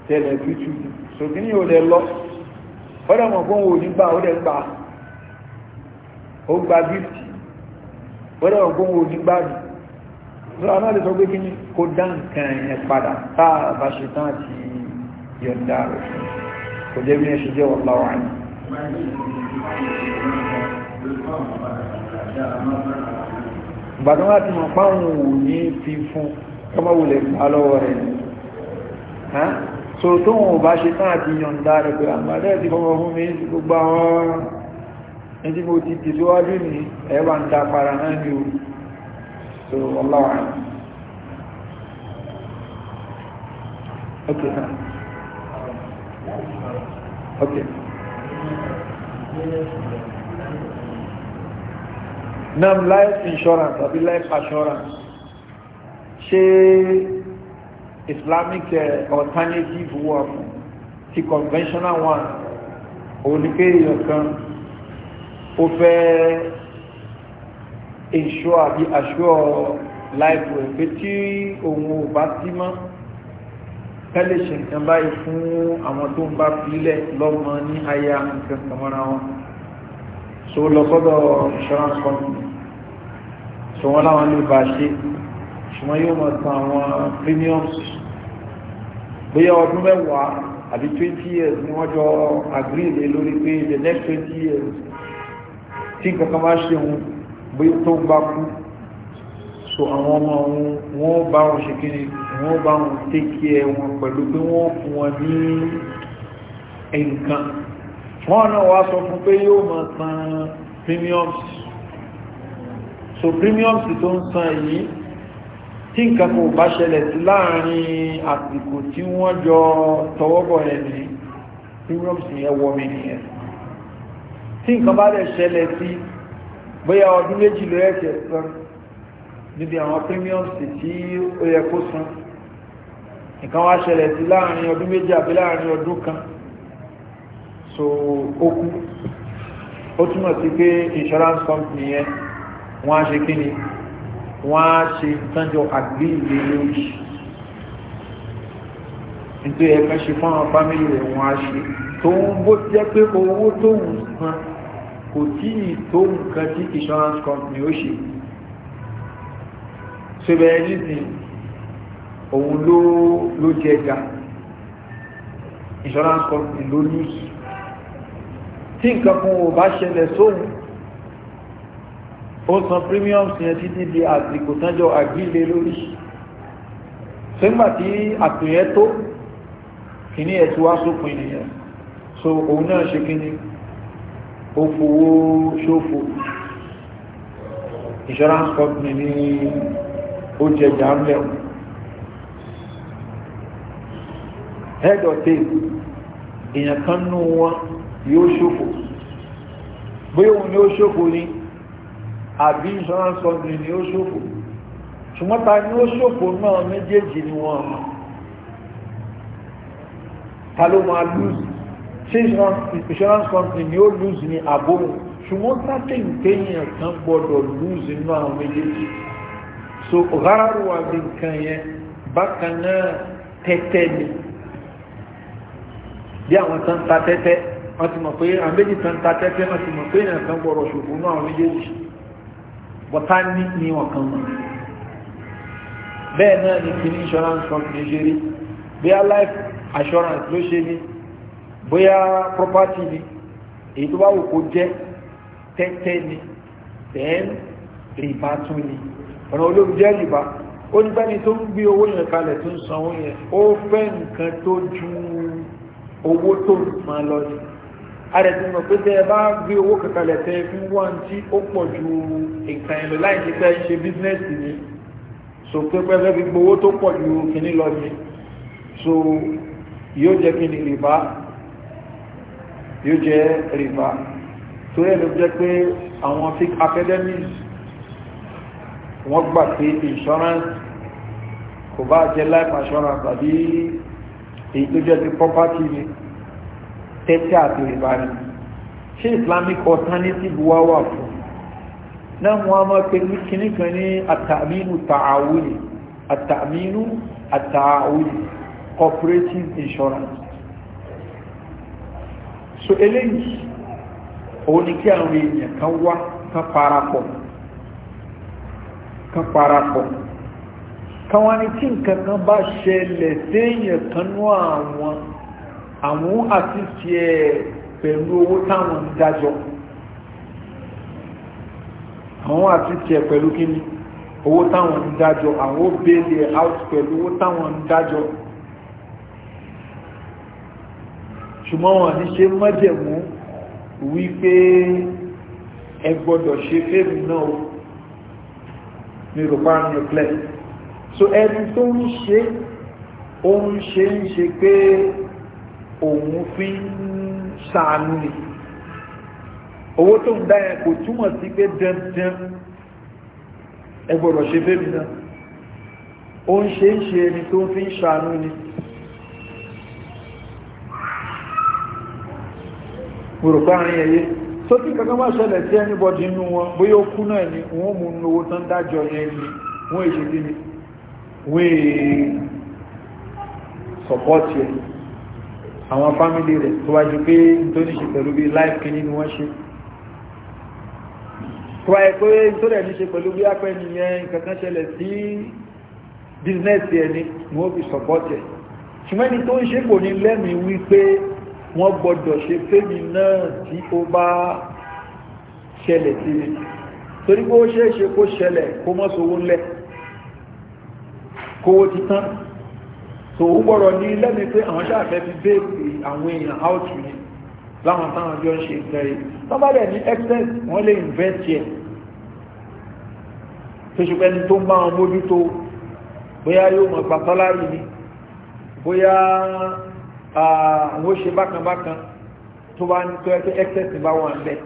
tẹ̀lẹ̀ tútù ṣòkí ní òdẹ lọ ọ̀dọ̀ mọ̀ fún òní gbà ó dẹ̀ gbà ó gba gíftì ọ̀dọ̀ mọ̀ fún òní gbà ní ló àná lè sọ pé kí ní kó dá nǹkan yẹn padà tá a bá ṣe tán àti yọ̀ǹda rẹ̀ kò jẹ́ bí ẹ ṣe jẹ́ wọ́n láwọn gbàdán láti mọ̀ páwọn ò ní fi fún kọ́mọ̀wòlẹ̀ gbà lọ́wọ́ rẹ̀ so tó wọn ò bá ṣe tán àti yọ̀nda rẹ̀ pé àmàlẹ́ ti fọmọ fún mi ti gbogbo àwọn ẹni mo ti tẹ̀síwájú ní ẹ̀wà ń ta para náà ni o so ọláwà ok ok. okay nam life insurance àbí life assurance ṣé islamic eh, alternative wà fún ti conventional one òun ni pé èèyàn kan ó fẹ́ insure àbí assure life rẹ̀ pé tí òun ò bá sí mọ́ tẹ́lẹ̀ ṣe nǹkan báyìí fún àwọn tó ń bá filẹ̀ lọ́mọ ní aya nǹkan kan mọ́ra wọn so lọ sọ́dọ̀ insurance company so wọ́n láwọn lè bá ṣe ṣùgbọ́n yóò mọ̀ tán àwọn premiums bóyá ọdún mẹ́wàá àbí twenty years ni wọ́n jọ agree lé lórí pé the next 20 years tí nǹkan kan máa ṣe òun bóyá tó ń bá kú so àwọn ọmọ òun wọ́n bá wọn ṣe kí ni wọ́n bá wọn take care wọn pẹ̀lú pé wọ́n fún wọn ní nǹkan wọ́n náà wá sọ fún pé yóò máa san premiums so premiums tó ń san yìí tí nǹkan kò bá ṣẹlẹ̀ sí láàrin àsìkò tí wọ́n jọ tọwọ́bọ̀ ẹ̀ premiums ni wọ mi nìyẹn tí nǹkan bá dẹ̀ ṣẹlẹ̀ sí bóyá ọdún méjì ló yẹ san níbi àwọn premiums tí ó yẹ kó san nǹkan wá ṣẹlẹ̀ sí láàrin ọdún méjì àbí láàrin ọdún kan so ó ó túmọ̀ sí pé insurance company yẹn wọ́n á ṣe kí ni wọ́n á ṣe ìtànjọ àgbé ìlé lórí nítorí ẹ̀ka ṣe fún àwọn fámìlì rẹ̀ wọ́n á ṣe tóun bó jẹ́ pé owó tóun san kò tí ì tó nǹkan tí insurance company ó ṣe ṣẹbẹ̀ nísìn òun ló ló jẹ ga insurance company ló lose tí nǹkan fún ò bá ṣẹlẹ̀ sóhun ó san premiums yẹn títí di àsìkò tánjọ àgbílé lórí sígbà tí àtúnyẹ tó kìíní ẹ̀ tí wá sópin nìyẹn so òun náà ṣe kíní ó fowó ṣòfò insurance company ní ó jẹjà ń lẹ́wọ̀n head of tape èèyàn kan nú wọn yóò ṣòfò bóyá òun ni ó ṣòfò ni àbí insurance company ni ó ṣòfò ṣùgbọ́n ta ni ó ṣòfò náà méjèèjì ni wọ́n mọ̀ ta ló máa lose ṣé insurance company ni ó lose ni àbóhùn ṣùgbọ́n tàbí ìkéyìn kan gbọ́dọ̀ lose nínú àwọn méjèèjì so rárá wà bí nǹkan yẹn bákan náà tẹ́tẹ́ ni bí àwọn tán ta tẹ́tẹ́ wọ́n ti mọ̀ pé àméjì kan ta tẹ́tẹ́ wọ́n ti mọ̀ pé èèyàn kan gbọ́rọ̀ ṣòfò náà àwọn méjèèjì bọ́tá ní ní ọ̀kan mọ̀ bẹ́ẹ̀ náà ni kí ní insurance company ṣe rí bóyá life assurance ló ṣe ní bóyá property ni èyí tó bá wò kó jẹ́ tẹ́tẹ́ ni then rìbá tún ni ọ̀nà olóòrù jẹ́ rìbá ó ní bẹ́ni tó ń gbé owó yẹn kalẹ̀ tó ń san owó yẹn ó fẹ́ nǹkan tó ju owó tó ń san lọ ni àrẹ̀tí mọ̀ pé tẹ́ ẹ bá gbé owó kankanlẹ̀ tẹ́ fún wọn tí ó pọ̀ ju nǹkan ẹ̀lò láì ṣe pé ṣe bísínẹ́sì ni so pé pẹ́fẹ́ fi gbowó tó pọ̀ ju kìíní lọ ni so yóò jẹ́ kí ni rìbá yóò jẹ́ rìbá torí ẹ̀ ló jẹ́ pé àwọn fic academies wọ́n gbà pé insurance kò bá jẹ́ life assurance àbí èyí tó jẹ́ ti property ni tẹ́tẹ́ àti rìbá ni ṣé islamic alternative wá wà fún náà wọ́n á máa pe kíní kan ní àtàmínú tààwìlì àtàmínú àtààwìlì cooperative insurance so eléyìí òun ni kí àwọn èèyàn kan wá kan parapọ̀ kan parapọ̀ kan wá ní tí nǹkan kan bá ṣẹlẹ̀ séèyàn kan nú àwọn àwọn àti tiẹ̀ pẹ̀lú owó táwọn ń dájọ́ àwọn àti tiẹ̀ pẹ̀lú kíni owó táwọn ń dájọ́ àwọn ó bèèlè out pẹ̀lú owó táwọn ń dájọ́ ṣùgbọ́n wọn ní ṣe mọ́jẹ̀mú wípé ẹ gbọ́dọ̀ ṣe fèmí náà o ní rògbà nuclear so ẹni tó ń ṣe ó ń ṣe ń ṣe pé òun fi ń ṣàánú ni owó tó ń dá yẹn kò túmọ̀ sí pé dandan ẹ gbọ́dọ̀ ṣe bẹ́ẹ̀ náà ó ń ṣe ń ṣe ẹni tó fi ń ṣàánú ni òrùpá àrin ẹ̀yẹ tó kankan bá ṣẹlẹ̀ sí ẹnibọ́dì inú wọn bóyá ó kú náà ni wọ́n mú un lówó tán dájọ́ yẹn ni wọ́n èṣe kí ni wọ́n èè sọ̀pọ̀tì ẹ̀ àwọn fámílì rẹ̀ tó wájú pé tó ní ṣe pẹ̀lú bí life kí nínú wọ́n ṣe tó wáyé pé tó rẹ̀ ní ṣe pẹ̀lú bí apẹ́ nìyẹn kankan ṣẹlẹ̀ sí business ẹni ni wọ́n fi support ẹ̀ ṣùgbọ́n ẹni tó ń ṣe kò ní lẹ́mìí wípé wọ́n gbọ́dọ̀ ṣe fẹ́mi náà tí ó bá ṣẹlẹ̀ sí mi torí pé ó ṣeéṣe kó ṣẹlẹ̀ kó mọ́sowó ńlẹ̀ kówó ti so ó gbọ́dọ̀ ní lẹ́mi pé àwọn ṣáàfẹ́ fi béèrè àwọn èèyàn out ni láwọn táwọn bí ó ń ṣe ìtẹ́rẹ́ wọ́n ní excess wọ́n lè invest yẹ tó ṣùgbọ́n ẹni tó ń bá wọn mójútó bóyá yóò mọ̀ pa sálárì ni bóyá àwọn ó ṣe bákanbákan tó bá ní tó ẹgbẹ́ excess bá wọn bẹ̀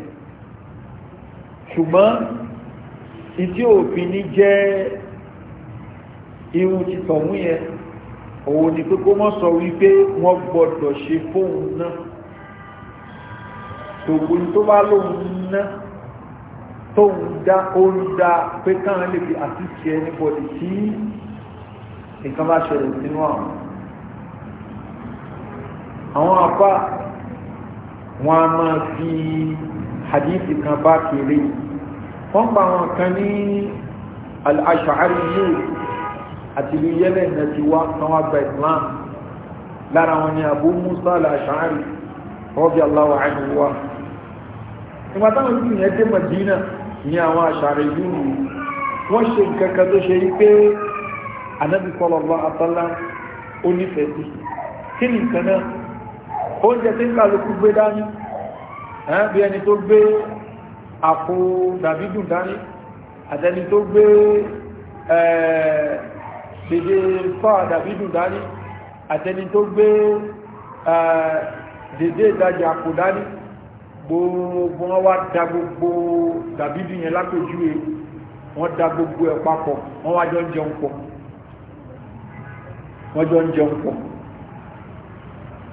ṣùgbọ́n ìtí òfin ní jẹ́ irun títọ̀ mú yẹn òun ni pé kó mọ́ sọ wípé wọ́n gbọ́dọ̀ ṣe fóun náà tòun tó bá lóun ná tóun dá ó ń dá pé káwọn lè fi àtúnṣe ẹnibọdì tí nǹkan bá ṣẹlẹ̀ sínú àwọn àwọn apá wọn a máa fi hadithi kan bá kéré wọ́n pa àwọn kan ní al-ash'ari yìí àti ìlú yemen náà ti wá náà wá gba islam lára wọn ni abu musa al-ash'ari rọ́bì aláwọ̀ àìníwá nígbà táwọn ìlú yẹn dé madina ní àwọn àṣàrí yìí wọ́n ṣe nǹkan kan tó ṣe yí pé anabi sallallahu alaihi wasallam ó kí ni nǹkan náà oúnjẹ tí ń kálukú gbé dání bí ẹni tó gbé àpò dàbídùn dání àtẹni tó gbé ẹ̀ẹ́ dèdè fáàdà bídùn dání àtẹni tó gbé dèdè ìdájì àpò dání gbogbo wọn wá da gbogbo dàbídù yẹn lápèjúwe wọn da gbogbo ẹ̀ papọ̀ wọn wá jọ ń jẹun pọ̀ wọn jọ ń jẹun pọ̀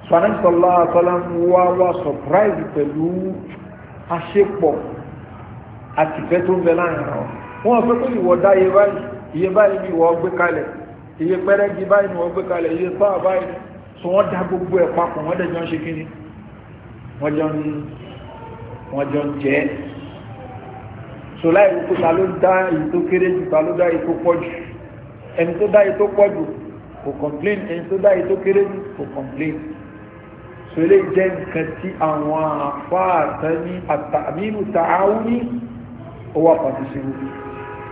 sọ̀rọ̀sọ̀lá àtọ́lá ń wá wá sọ̀práìsì pẹ̀lú aṣepọ̀ àtìfẹ́ tó ń bẹ láàrin wọn wọn fẹ́ pé ìwọ̀dá iye báyìí ni ìwọ̀ gbé kalẹ̀ iye pẹ́rẹ́gì báyìí ni wọ́n gbé kalẹ̀ iye pá báyìí so wọ́n dá gbogbo ẹ̀ papọ̀ wọ́n dẹ̀jọ́ ń ṣe kíní wọ́n jọ ń jẹ́ so láì wípé ta ló dá èyí tó kéré jù ta ló dá èyí tó pọ̀ jù ẹni tó dá èyí tó pọ̀ jù kò complain ẹni tó dá èyí tó kéré jù kò complain so eléyìí jẹ́ nǹkan tí àwọn àfáàtà ní àtàmínú tààwí ó wà pàtó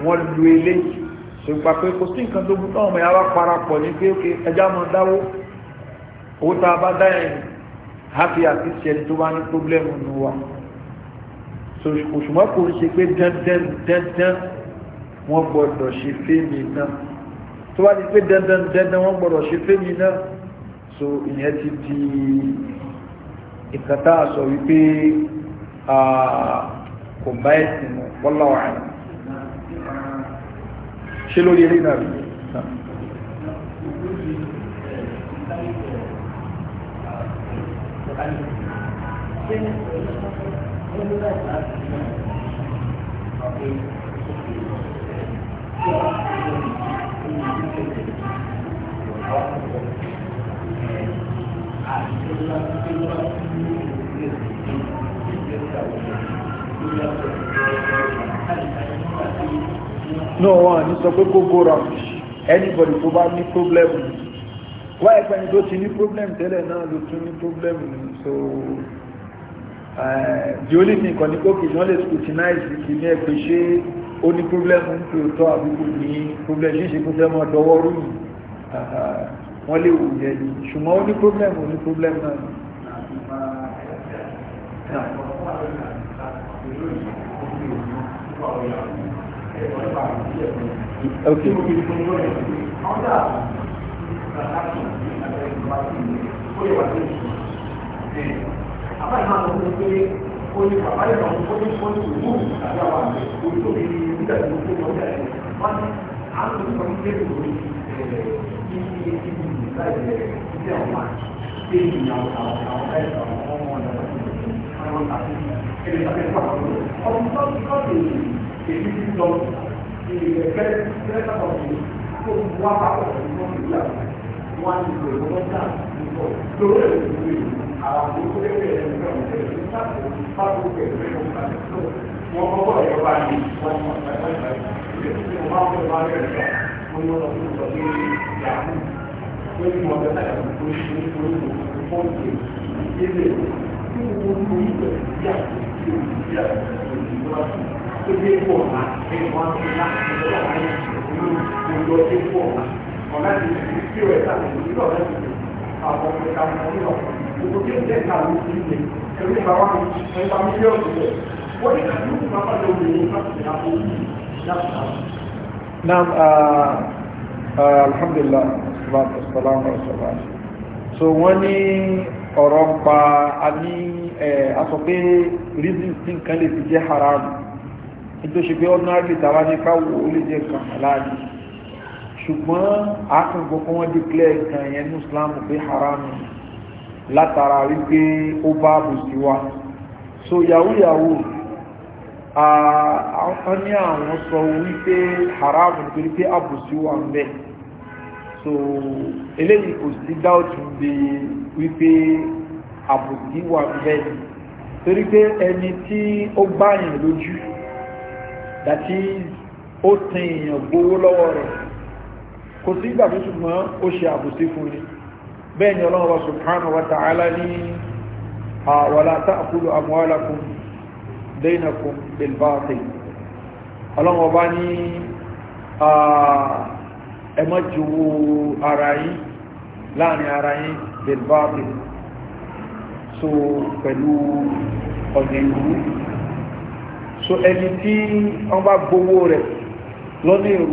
wọn lu eléyìí ṣùgbọ́n pé kò sí nǹkan tó gbúdọ̀ ọmọ yàrá parapọ̀ ní pé ókè ẹja mọ̀ dáwó owó tá a bá dá yẹn hafi àti ṣẹni tó bá ní pọ́blẹ́mù nù wa ṣùgbọ́n kò ń ṣe pé dandan dandan wọ́n gbọ́dọ̀ ṣe fẹ́mi náà tó bá ti pé dandan dandan wọ́n gbọ́dọ̀ ṣe fẹ́mi náà so ìyẹn ti di ìkàtà sọ wípé ah, kò bá ẹ̀sìn mọ́ wọ́n láwàá yẹn ṣe lórí eré náà rí Thank you no wọn ní sọ pé kó go round anybody tó bá ní problem wá ẹgbẹ́ ni tó ti ní problem tẹ́lẹ̀ náà ló tún ní problem so eh, the only thing kan ní kó kì í wọ́n lè scrutinize kì í ní ẹ ṣé ó ní problem ń pè tọ́ àbíkú ní problem ṣe ṣe kó fẹ́ mọ́ dọwọ́ rú yìí wọ́n lè wù yẹ ni ṣùgbọ́n ó ní problem ó ní problem náà ni. Okay èyí ti lọ ìrẹ̀kẹ́ tẹ́lá ọ̀sẹ̀ tó ń wá papọ̀ pẹ̀lú wọn ní ìlú àwọn wọn á ti lò ó lọ́wọ́ náà lọ́wọ́ lórí ẹ̀ lórí ẹ̀ àwọn àbúrò ẹgbẹ́ ẹ̀ ń bẹ̀rù ẹ̀ ń sáàpù sáàpù ẹ̀ ń bẹ̀rù ẹ̀ ń bẹ̀rù wọn kọ́kọ́ ẹ̀yọ́ bá ní wọn ní wọn ṣàkóso ìgbẹ́ tí mo máa ń bẹ̀rù bá bẹ̀rù bá mo ní wọn lọ sí ìyàwó pé kí wọn bẹ̀rẹ̀ láyà tó ṣe é lórí òkú fọ́ọ̀tì ìdílé tí mo mú ìgbẹ́ ìyàwó ìdílé ìyàwó ìdílé 这些货嘛，可以帮助他很多玩意，很多进步嘛。我们只是地位上的一个问题，啊，我们讲同一种，我们就健康无疾病，可是台湾很少没有这个，我一看就是他们有名，他比他不易，那啥。نعم الحمد لله والصلاة والسلام على رسول الله so wọ́n ní ọ̀rọ̀ pa a ní ẹ̀ asọ̀ pé reason tí nǹkan lè fi jẹ́ haram nítorí pé ordinary tàwa ní káwò ó lè jẹ́ kan aláàjì ṣùgbọ́n àkànkò kí wọ́n declare nǹkan yẹn ní islam pé haramu látara wípé ó bá àbòsí wa so yahoo yahoo àwọn ní àwọn sọ wípé haramu nítorí pé àbòsí wa ń bẹ so eléyìí kò sí dáòtù bí wípé àbòsí wa ń bẹ torí pé ẹni tí ó báyìí lójú that is ó tin èèyàn gbowó lọ́wọ́ rẹ̀ kò sí ìgbà tó ṣùgbọ́n ó ṣe àbòsí fún ni bẹ́ẹ̀ ni ọlọ́run wa subhanahu wa ta'ala ní wala ta'kulu amwalakum bainakum bil ọlọ́run ọba ní ẹ ara yín láàrin ara yín bil so pẹ̀lú ọ̀nà so ẹni tí wọ́n bá gbowó rẹ̀ lọ́nà èrò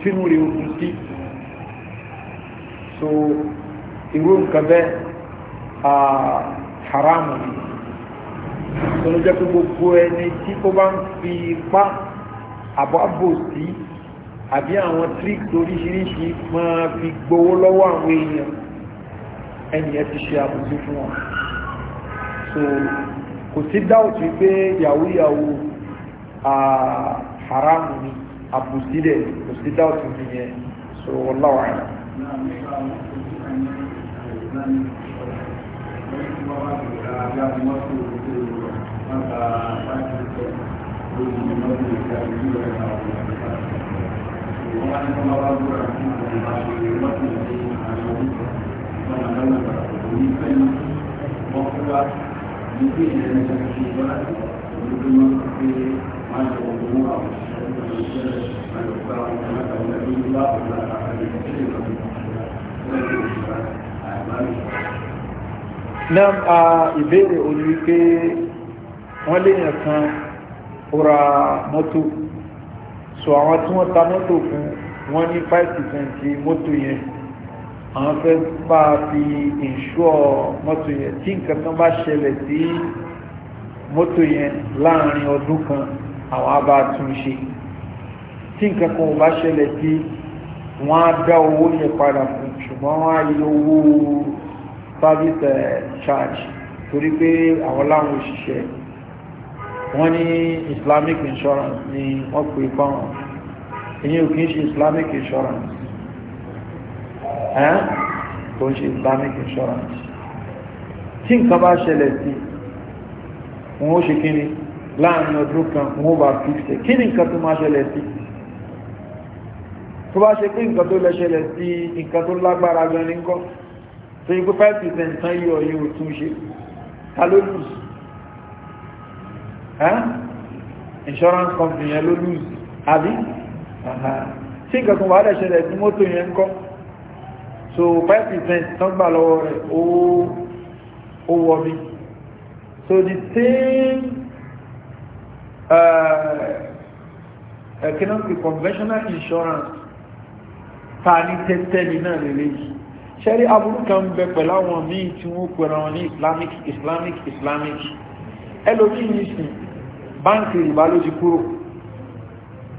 tínú rẹ̀ òkun sí so irú nǹkan bẹ́ẹ̀ haramu ni so ló jẹ́ pé gbogbo ẹni tí ó bá ń fi ipá àbábòsí àbí àwọn tricks oríṣiríṣi máa fi gbowó lọ́wọ́ àwọn èèyàn ẹnìyẹn ti ṣe àbòsí fún wọn so kò sí dáùtì pé yahoo yahoo haramu ni àbùsí dẹ̀ kò sí dáòtù nìyẹn so wallahu a'lam. Thank you náà a ìbéèrè oní wípé wọ́n léèyàn kan ó ra mọ́tò so àwọn tí wọ́n ta mọ́tò fún wọ́n ní 5% mọ́tò yẹn àwọn fẹ́ bá fi ìṣọ́ mọ́tò yẹn tí nǹkan kan bá ṣẹlẹ̀ sí mọ́tò yẹn láàrin ọdún kan àwọn abá tún ṣe tí nǹkan kan ò bá ṣẹlẹ̀ sí wọ́n á dá owó yẹn padà fún ṣùgbọ́n wọ́n á yí owó service eh, charge torí pé àwọn láwọn òṣìṣẹ́ wọ́n ní islamic insurance ni wọ́n pè fáwọn èyí ò kí ń ṣe islamic insurance ẹ́n tó ń ṣe islamic insurance tí nǹkan bá ṣẹlẹ̀ sí wọ́n ó ṣe kí ni láàrin ọdún kan wọ́n bá fífẹ́ kí ni nǹkan tó máa ṣẹlẹ̀ sí tó bá ṣe pé nǹkan tó lè ṣẹlẹ̀ sí nǹkan tó lágbára gan ní kọ́ tó yí pé five percent tán yọ yóò tún ṣe ta ló lùs insurance company yẹn ló lùs àbí tí nǹkan tó wà lè ṣẹlẹ̀ sí mọ́tò yẹn kọ́ so five tán gbà lọ́wọ́ rẹ̀ ó wọ mi so the same economic uh, uh, conventional insurance ta ní tẹ́tẹ́lì náà lè léyìí ṣẹ́rí aburú kan bẹ pẹ̀lú àwọn míì tí wọ́n pẹ̀lú àwọn ní islamic islamic islamic ẹlòmíì ní sìn báńkì rìbá ló ti kúrò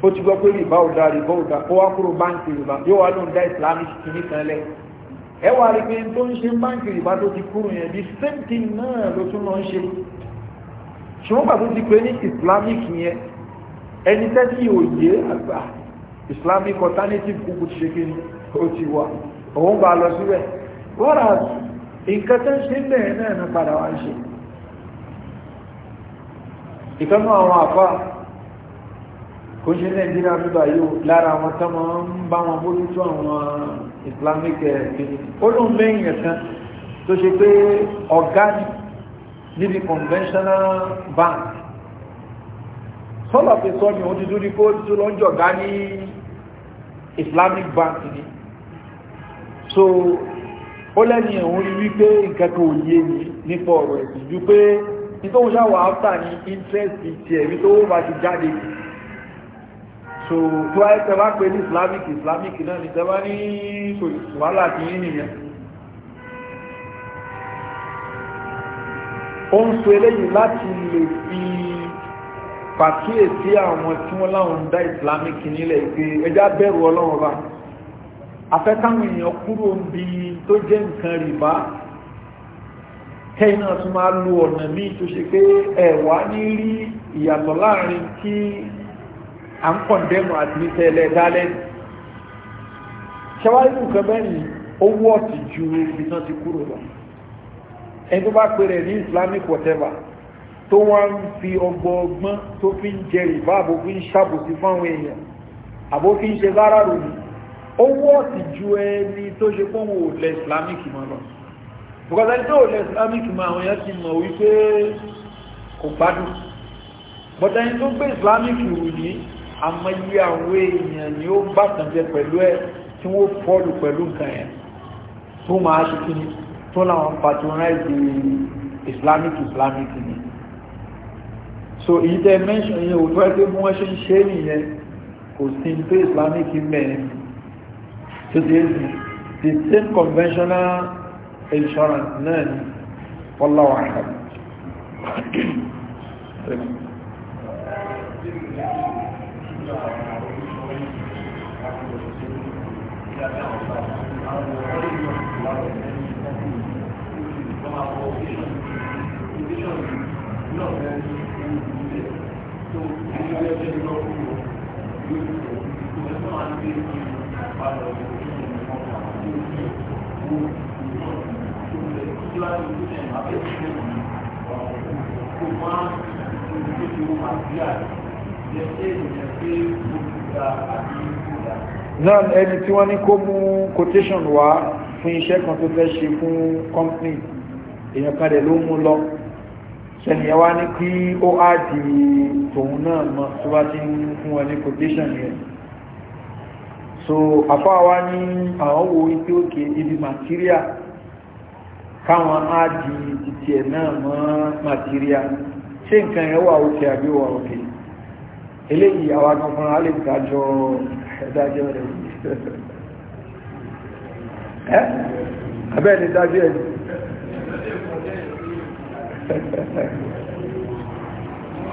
ó ti gbọ́ pé rìbá ò dá rìbá ò dá ó wá kúrò báńkì rìbá yóò wá ló ń dá islamic kìíní kan lẹ̀ ẹ wá rí pé tó ń ṣe báńkì rìbá tó ti kúrò yẹn the same thing náà ló tún lọ ń ṣe ṣùgbọ́n pàtó ti pé ní islamic yẹn ẹni tẹ́tí òye àgbà islamic alternative kúkú ti ṣe kí ni ó ti wà òun bá lọ síbẹ̀ wọ́n nǹkan tó ń ṣe bẹ́ẹ̀ náà ní padà wá ń ṣe ìkanú àwọn àfá kò ṣe nàìjíríà nígbà yóò lára àwọn tó máa ń bá wọn bójútó àwọn islamic ẹ̀ẹ́dì eh, ó lóun lẹ́yìn ẹ̀kan tó ṣe pé ọ̀gá ni níbi conventional bank sọ́lọ̀ fi sọ ni òun ti dúdú kó tó lọ ń jọ̀gá ní islamic bank ni so ó lẹ́ni ẹ̀hún rí wípé ìkẹ́kọ̀ọ́ òye ni nípa ọ̀rọ̀ ẹ̀sìn ju pé nítorí sáwà áfà ní interest ti ẹ̀rí tó bá ti jáde so tó ẹ́ tẹ́ bá pé ní islamic islamic náà ni tẹ́ bá ní wàhálà ti yín ó ń sọ eléyìí láti lè fi pàkíyèsí àwọn tí wọ́n láwọn ń dá islamic nílẹ̀ pé ẹjá bẹ̀rù ọlọ́run ọba afẹ́káwọn èèyàn kúrò ń bi tó jẹ́ nǹkan rìbá kẹ́yìn náà tún máa lo ọ̀nà míì tó ṣe pé ẹ̀wà ní rí ìyàtọ̀ láàrin kí à ń kọ̀ndẹ́mù àti nítẹ̀lẹ̀ dálẹ́ ṣẹwáyé nǹkan bẹ́ẹ̀ ni ó wọ́ọ̀tì ju ibi náà ti kúrò lọ ẹni tó bá pè ní islamic whatever tó wá ń fi ọgbọọgbọ́n tó fi ń jẹ rìbá àbò fi ń ṣàbòsí fáwọn èèyàn àbò fi ń ṣe lára ròyìn ó wọ́ọ̀tì ju ẹni tó ṣe fún òun ò lẹ islamic mọ́ lọ bùkọ́tà ní tó ò lẹ islamic mọ́ àwọn èèyàn ti mọ̀ wípé kò gbádùn bọ́tà ní tó gbé islamic rù ní àmọ́yí àwọn èèyàn ni ó bàtàn jẹ pẹ̀lú ẹ tí wọ́n fọ́ọ̀lù pẹ̀lú nǹkan ẹ̀ tó máa ṣe kí ni tó làwọn patronize islamic islamic ni so èyí tẹ́ mention yẹn òtọ́ ẹgbẹ́ mú wọ́n ṣe ń ṣe nìyẹn kò sí pé islamic mẹ́rin tó ti èsì the same conventional insurance náà ni wallahu a'lam Thank you àwọn òṣèṣàn ìgbésàn náà rẹ̀ ní ìlú tó ní ọjọ́ ìlú ọkùnrin ẹni tí wọ́n ní kó mú quotation wá fún iṣẹ́ kan tó fẹ́ ṣe fún company èèyàn kan rẹ̀ ló mú lọ sẹ́niyàn wá ní kí ó á di tòun náà mọ tó bá ti ń fún wọn ní quotation yẹn so àwa ní àwọn wo ipe òkè ibi material káwọn á di titi ẹ̀ náà mọ material ṣé nǹkan yẹn wà òkè àbí wà òkè eléyìí àwọn akọkùnrin alẹ́ ìdájọ́ ẹ̀dájọ́ rẹ̀ ẹ́ abẹ́ ni dájọ́ ẹ̀dùn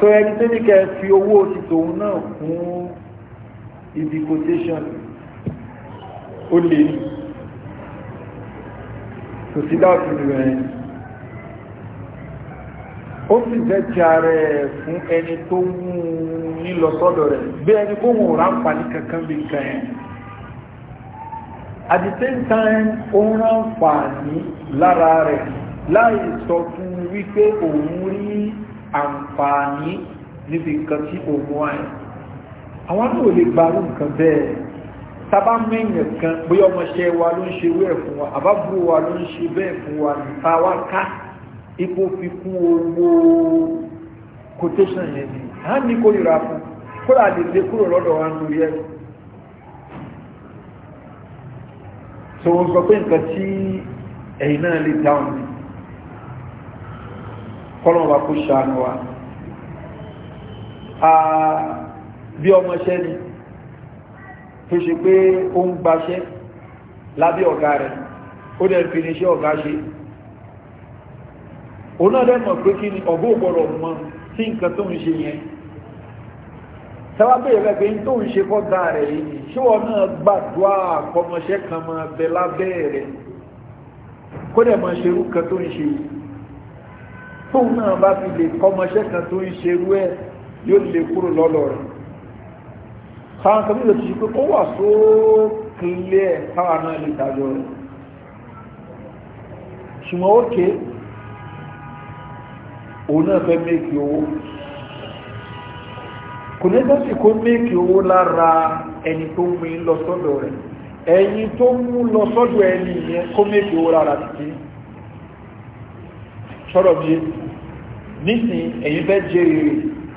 so ẹni tó ní kẹ fi owó ti tòun náà fún ibi quotation ó lè ní kò sí dáàbò rẹ̀ ó sì jẹ́ ti ara ẹ̀ fún ẹni tó mú un nílọ sọ́dọ̀ rẹ̀ bí ẹni kó wọn rà ní kankan bí nǹkan yẹn at the same time ó ń rà ń pa ní lára rẹ̀ láì sọ fún wípé òun rí àǹfààní níbi nǹkan tí òun wà ní àwọn náà lè gbarú nǹkan bẹ́ẹ̀ tábà mẹ́yìn kan bóyá ọmọọṣẹ́ wa ló ń ṣe wẹ́ẹ̀ fún wa àbábúrò wa ló ń ṣe bẹ́ẹ̀ fún wa nípa wá ká ipò fi kún owó quotation yẹn ni a ní kórìíra fún kódà lè lé kúrò lọ́dọ̀ wa lórí ẹ̀ so sọ pé nǹkan tí ẹ̀yin náà lè dáhùn ni kọ́lọ́n wa kó ṣàánú wa bí ọmọṣẹ́ ni tó ṣe pé ó ń gbaṣẹ́ lábẹ́ ọ̀gá rẹ̀ ó dẹ̀ fi níṣẹ́ ọ̀gá ṣe òun náà dẹ̀ mọ̀ pé kí ni ọ̀gá ògbọ̀rọ̀ mọ́ sí nǹkan tó ń ṣe yẹn tẹ́wàbí rẹ̀ pé tó ń ṣe fọ́gá rẹ̀ yìí ṣíwọ́ náà gbàdúwà kọmọṣẹ́ kan mọ́ bẹ lábẹ́ rẹ̀ kó dẹ̀ mọ́ ṣerú kan tó ń ṣe yìí tóun náà bá fi lè kọ́mọṣẹ́ kan tó ń ṣerú ẹ̀ yóò lè kúrò lọ́lọ́ rẹ̀ káwọn kan nílò ti pé ó wà tó kílẹ̀ káwọn náà lè dájọ́ rẹ̀ ṣùgbọ́n ó ké òun náà fẹ́ méèkì owó kò ní sọ́sì kó méèkì owó lára ẹni tó mú lọ sọ́dọ̀ rẹ̀ ẹni tó mú lọ sọ́dọ̀ ẹni yẹn kó méèkì owó lára títí sọ́dọ̀ bíi nísìn ẹ̀yin fẹ́ jẹ́ èrè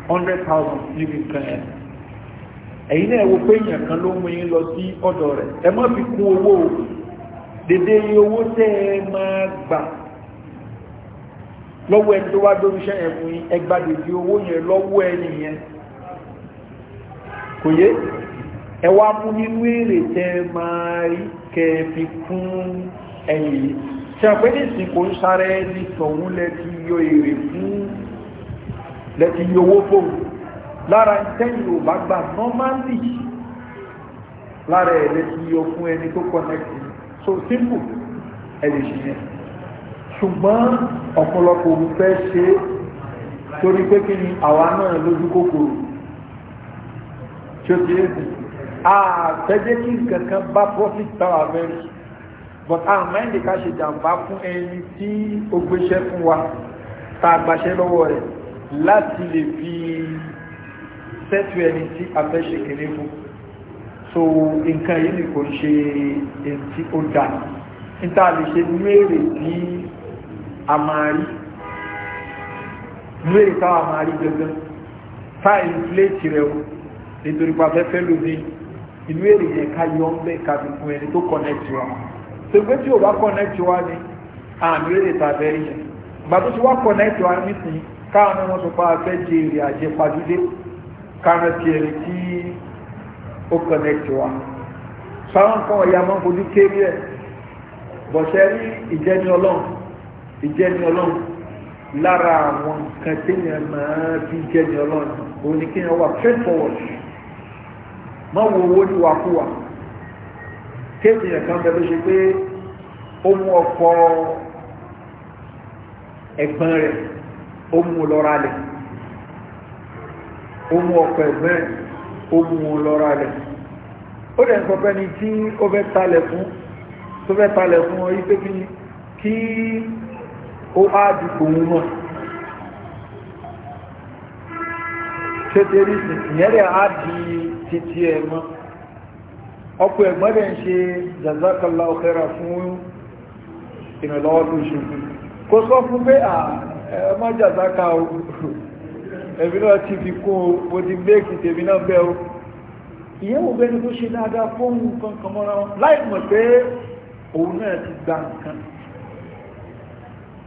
hundred thousand living plan. ẹ̀ ẹ̀yin náà wo pé èèyàn kan ló mú yín lọ sí ọ̀dọ̀ rẹ̀ ẹ má fi kún owó o dédé iye owó tẹ́ ẹ máa gbà lọ́wọ́ ẹni tó wá dóríṣẹ́ yẹn fún yín ẹ gba dèjì owó yẹn lọ́wọ́ ẹni yẹn kò yé ẹ wá mú nínú èrè tẹ́ ẹ máa kẹ́ ẹ fi kún ẹ̀yìn yìí ṣe àpẹẹrẹ ìsìn kò ń sára ẹni tọ̀hún lẹ́ti yọ èrè fún lẹ́ti yọ owó fóun lára ìtẹ́yìn ò bá gbà normally lára ẹ̀ lẹ́ti yọ fún ẹni tó connect so simple ẹ lè ṣe yẹn ṣùgbọ́n ọ̀pọ̀lọpọ̀ òun fẹ́ ṣe torí pé kí ni àwa náà lójú kòkòrò tí ó ti rẹ̀ sí àtẹ́jẹ́ kí nǹkan kan bá profit tower mẹ́rin but a máa ń lè ká ṣe jàǹbá fún ẹni tí ó gbéṣẹ́ fún wa tá a gbàṣẹ́ lọ́wọ́ rẹ̀ láti lè fi sẹ́tù ẹni tí a fẹ́ ṣe kéré fún so nǹkan yìí ni kò ń ṣe èyí tí ó dà níta lè ṣe mérè ní a máa rí mérè táwa máa rí gẹ́gẹ́ tá ìfúlẹ̀tì rẹ̀ o nítorí pa afẹ́fẹ́ lómi inú èrè yẹn ká yọ ọ́ ń bẹ́ẹ̀ ká fún ẹni tó kọ́nẹ́tì wa ṣùgbọ́n tí o bá kọ́nẹ́tì wa ni àmì rẹ̀ tàbí ẹ̀yẹ gbàtó tí wá kọ́nẹ́tì wa nísìnyí káàánú wọn sọ pé a fẹ́ jẹ èrè àjẹpadúdé káàánú ti èrè tí ó kọ́nẹ́tì wa sáwọn nǹkan ọ̀yà máa ń fojú kéré ẹ̀ bọ̀ṣẹ́ rí ìjẹni ọlọ́run ìjẹni ọlọ́run lára àwọn nǹkan téèyàn máa fi jẹni ọlọ́run òun ni kéèyàn wà straightforward má wo owó ní wàkúwà kéèyàn kan bẹ ló ṣe pé ó mú ọkọ ẹ̀gbọ́n rẹ̀ ó mú lọ́ra lẹ̀ ó mú ọkọ ẹ̀gbọ́n rẹ̀ ó mú lọ́ra lẹ̀ ó dẹ̀ ń sọ fẹ́ni tí ó fẹ́ talẹ̀ fún tó fẹ́ talẹ̀ fún ọ yí kí kí ó á dìbò òun náà ṣé tẹ́lifí ìyẹn á di títí ẹ̀ mọ́ ọkọ̀ ẹ̀gbọ́n dẹ̀ ń ṣe jazakala ọ̀kẹ́ra fún ìrànlọ́wọ́ tó ṣe kó sọ fún pé ẹmọ jazaka o ẹ̀mí náà ti fi kún o mo ti méèkì tèmi náà bẹ́ o ìyẹn wo bẹni tó ṣe dáadáa fóun nǹkan kan mọ́ra wọn láì mọ̀ pé òun náà ti gba nǹkan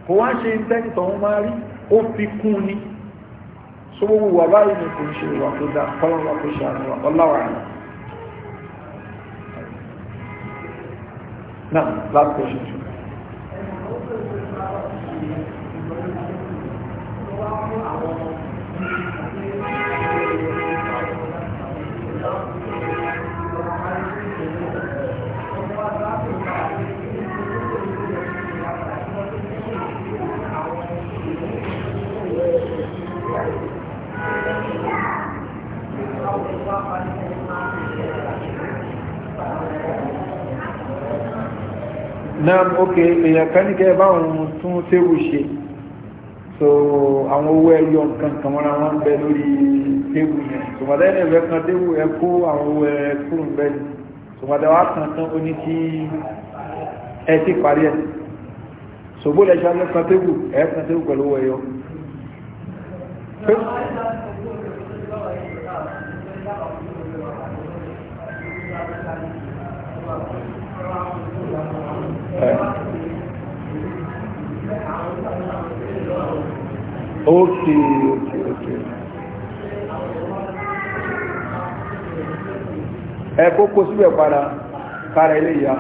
kò wá ṣe tẹ́ǹtọ̀ wọn máa rí ó fi kún ni sọ wà báyìí ni kò ń ṣe ìwà tó dáa kọ́lọ́wà kò ṣe àrùn ọláwà rẹ̀ Now, last question. Thank you. náà ókè èèyàn kan ní kẹ́ báwọn tún tébù ṣe so àwọn owó ẹyọ nǹkan kan mọ́ra wọn bẹ lórí tébù yẹn tòmọ̀dá ẹni ẹ̀fẹ́ kan tébù ẹ kó àwọn owó ẹ kúrò bẹ́ẹ̀ ni tòmọ̀dá wa kan tán ó ní kí ẹ ti parí ẹ̀ ṣògbó lẹ́ṣọ́ alẹ́ kan tébù ẹ kan tébù pẹ̀lú owó ẹyọ Thank you ókè ókè ókè ẹ kó kó síbẹ̀ padà kára ilé ìyá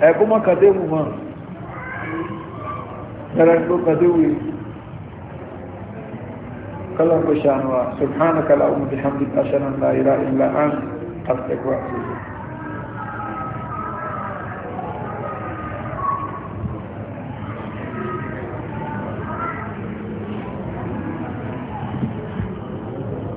ẹ kó mọ́ kàdéwù mọ́ ẹ̀rẹ́ ló kàdéwù yìí كلام بشانوا سبحانك اللهم بحمدك أشهد أن لا إله إلا أنت gracias.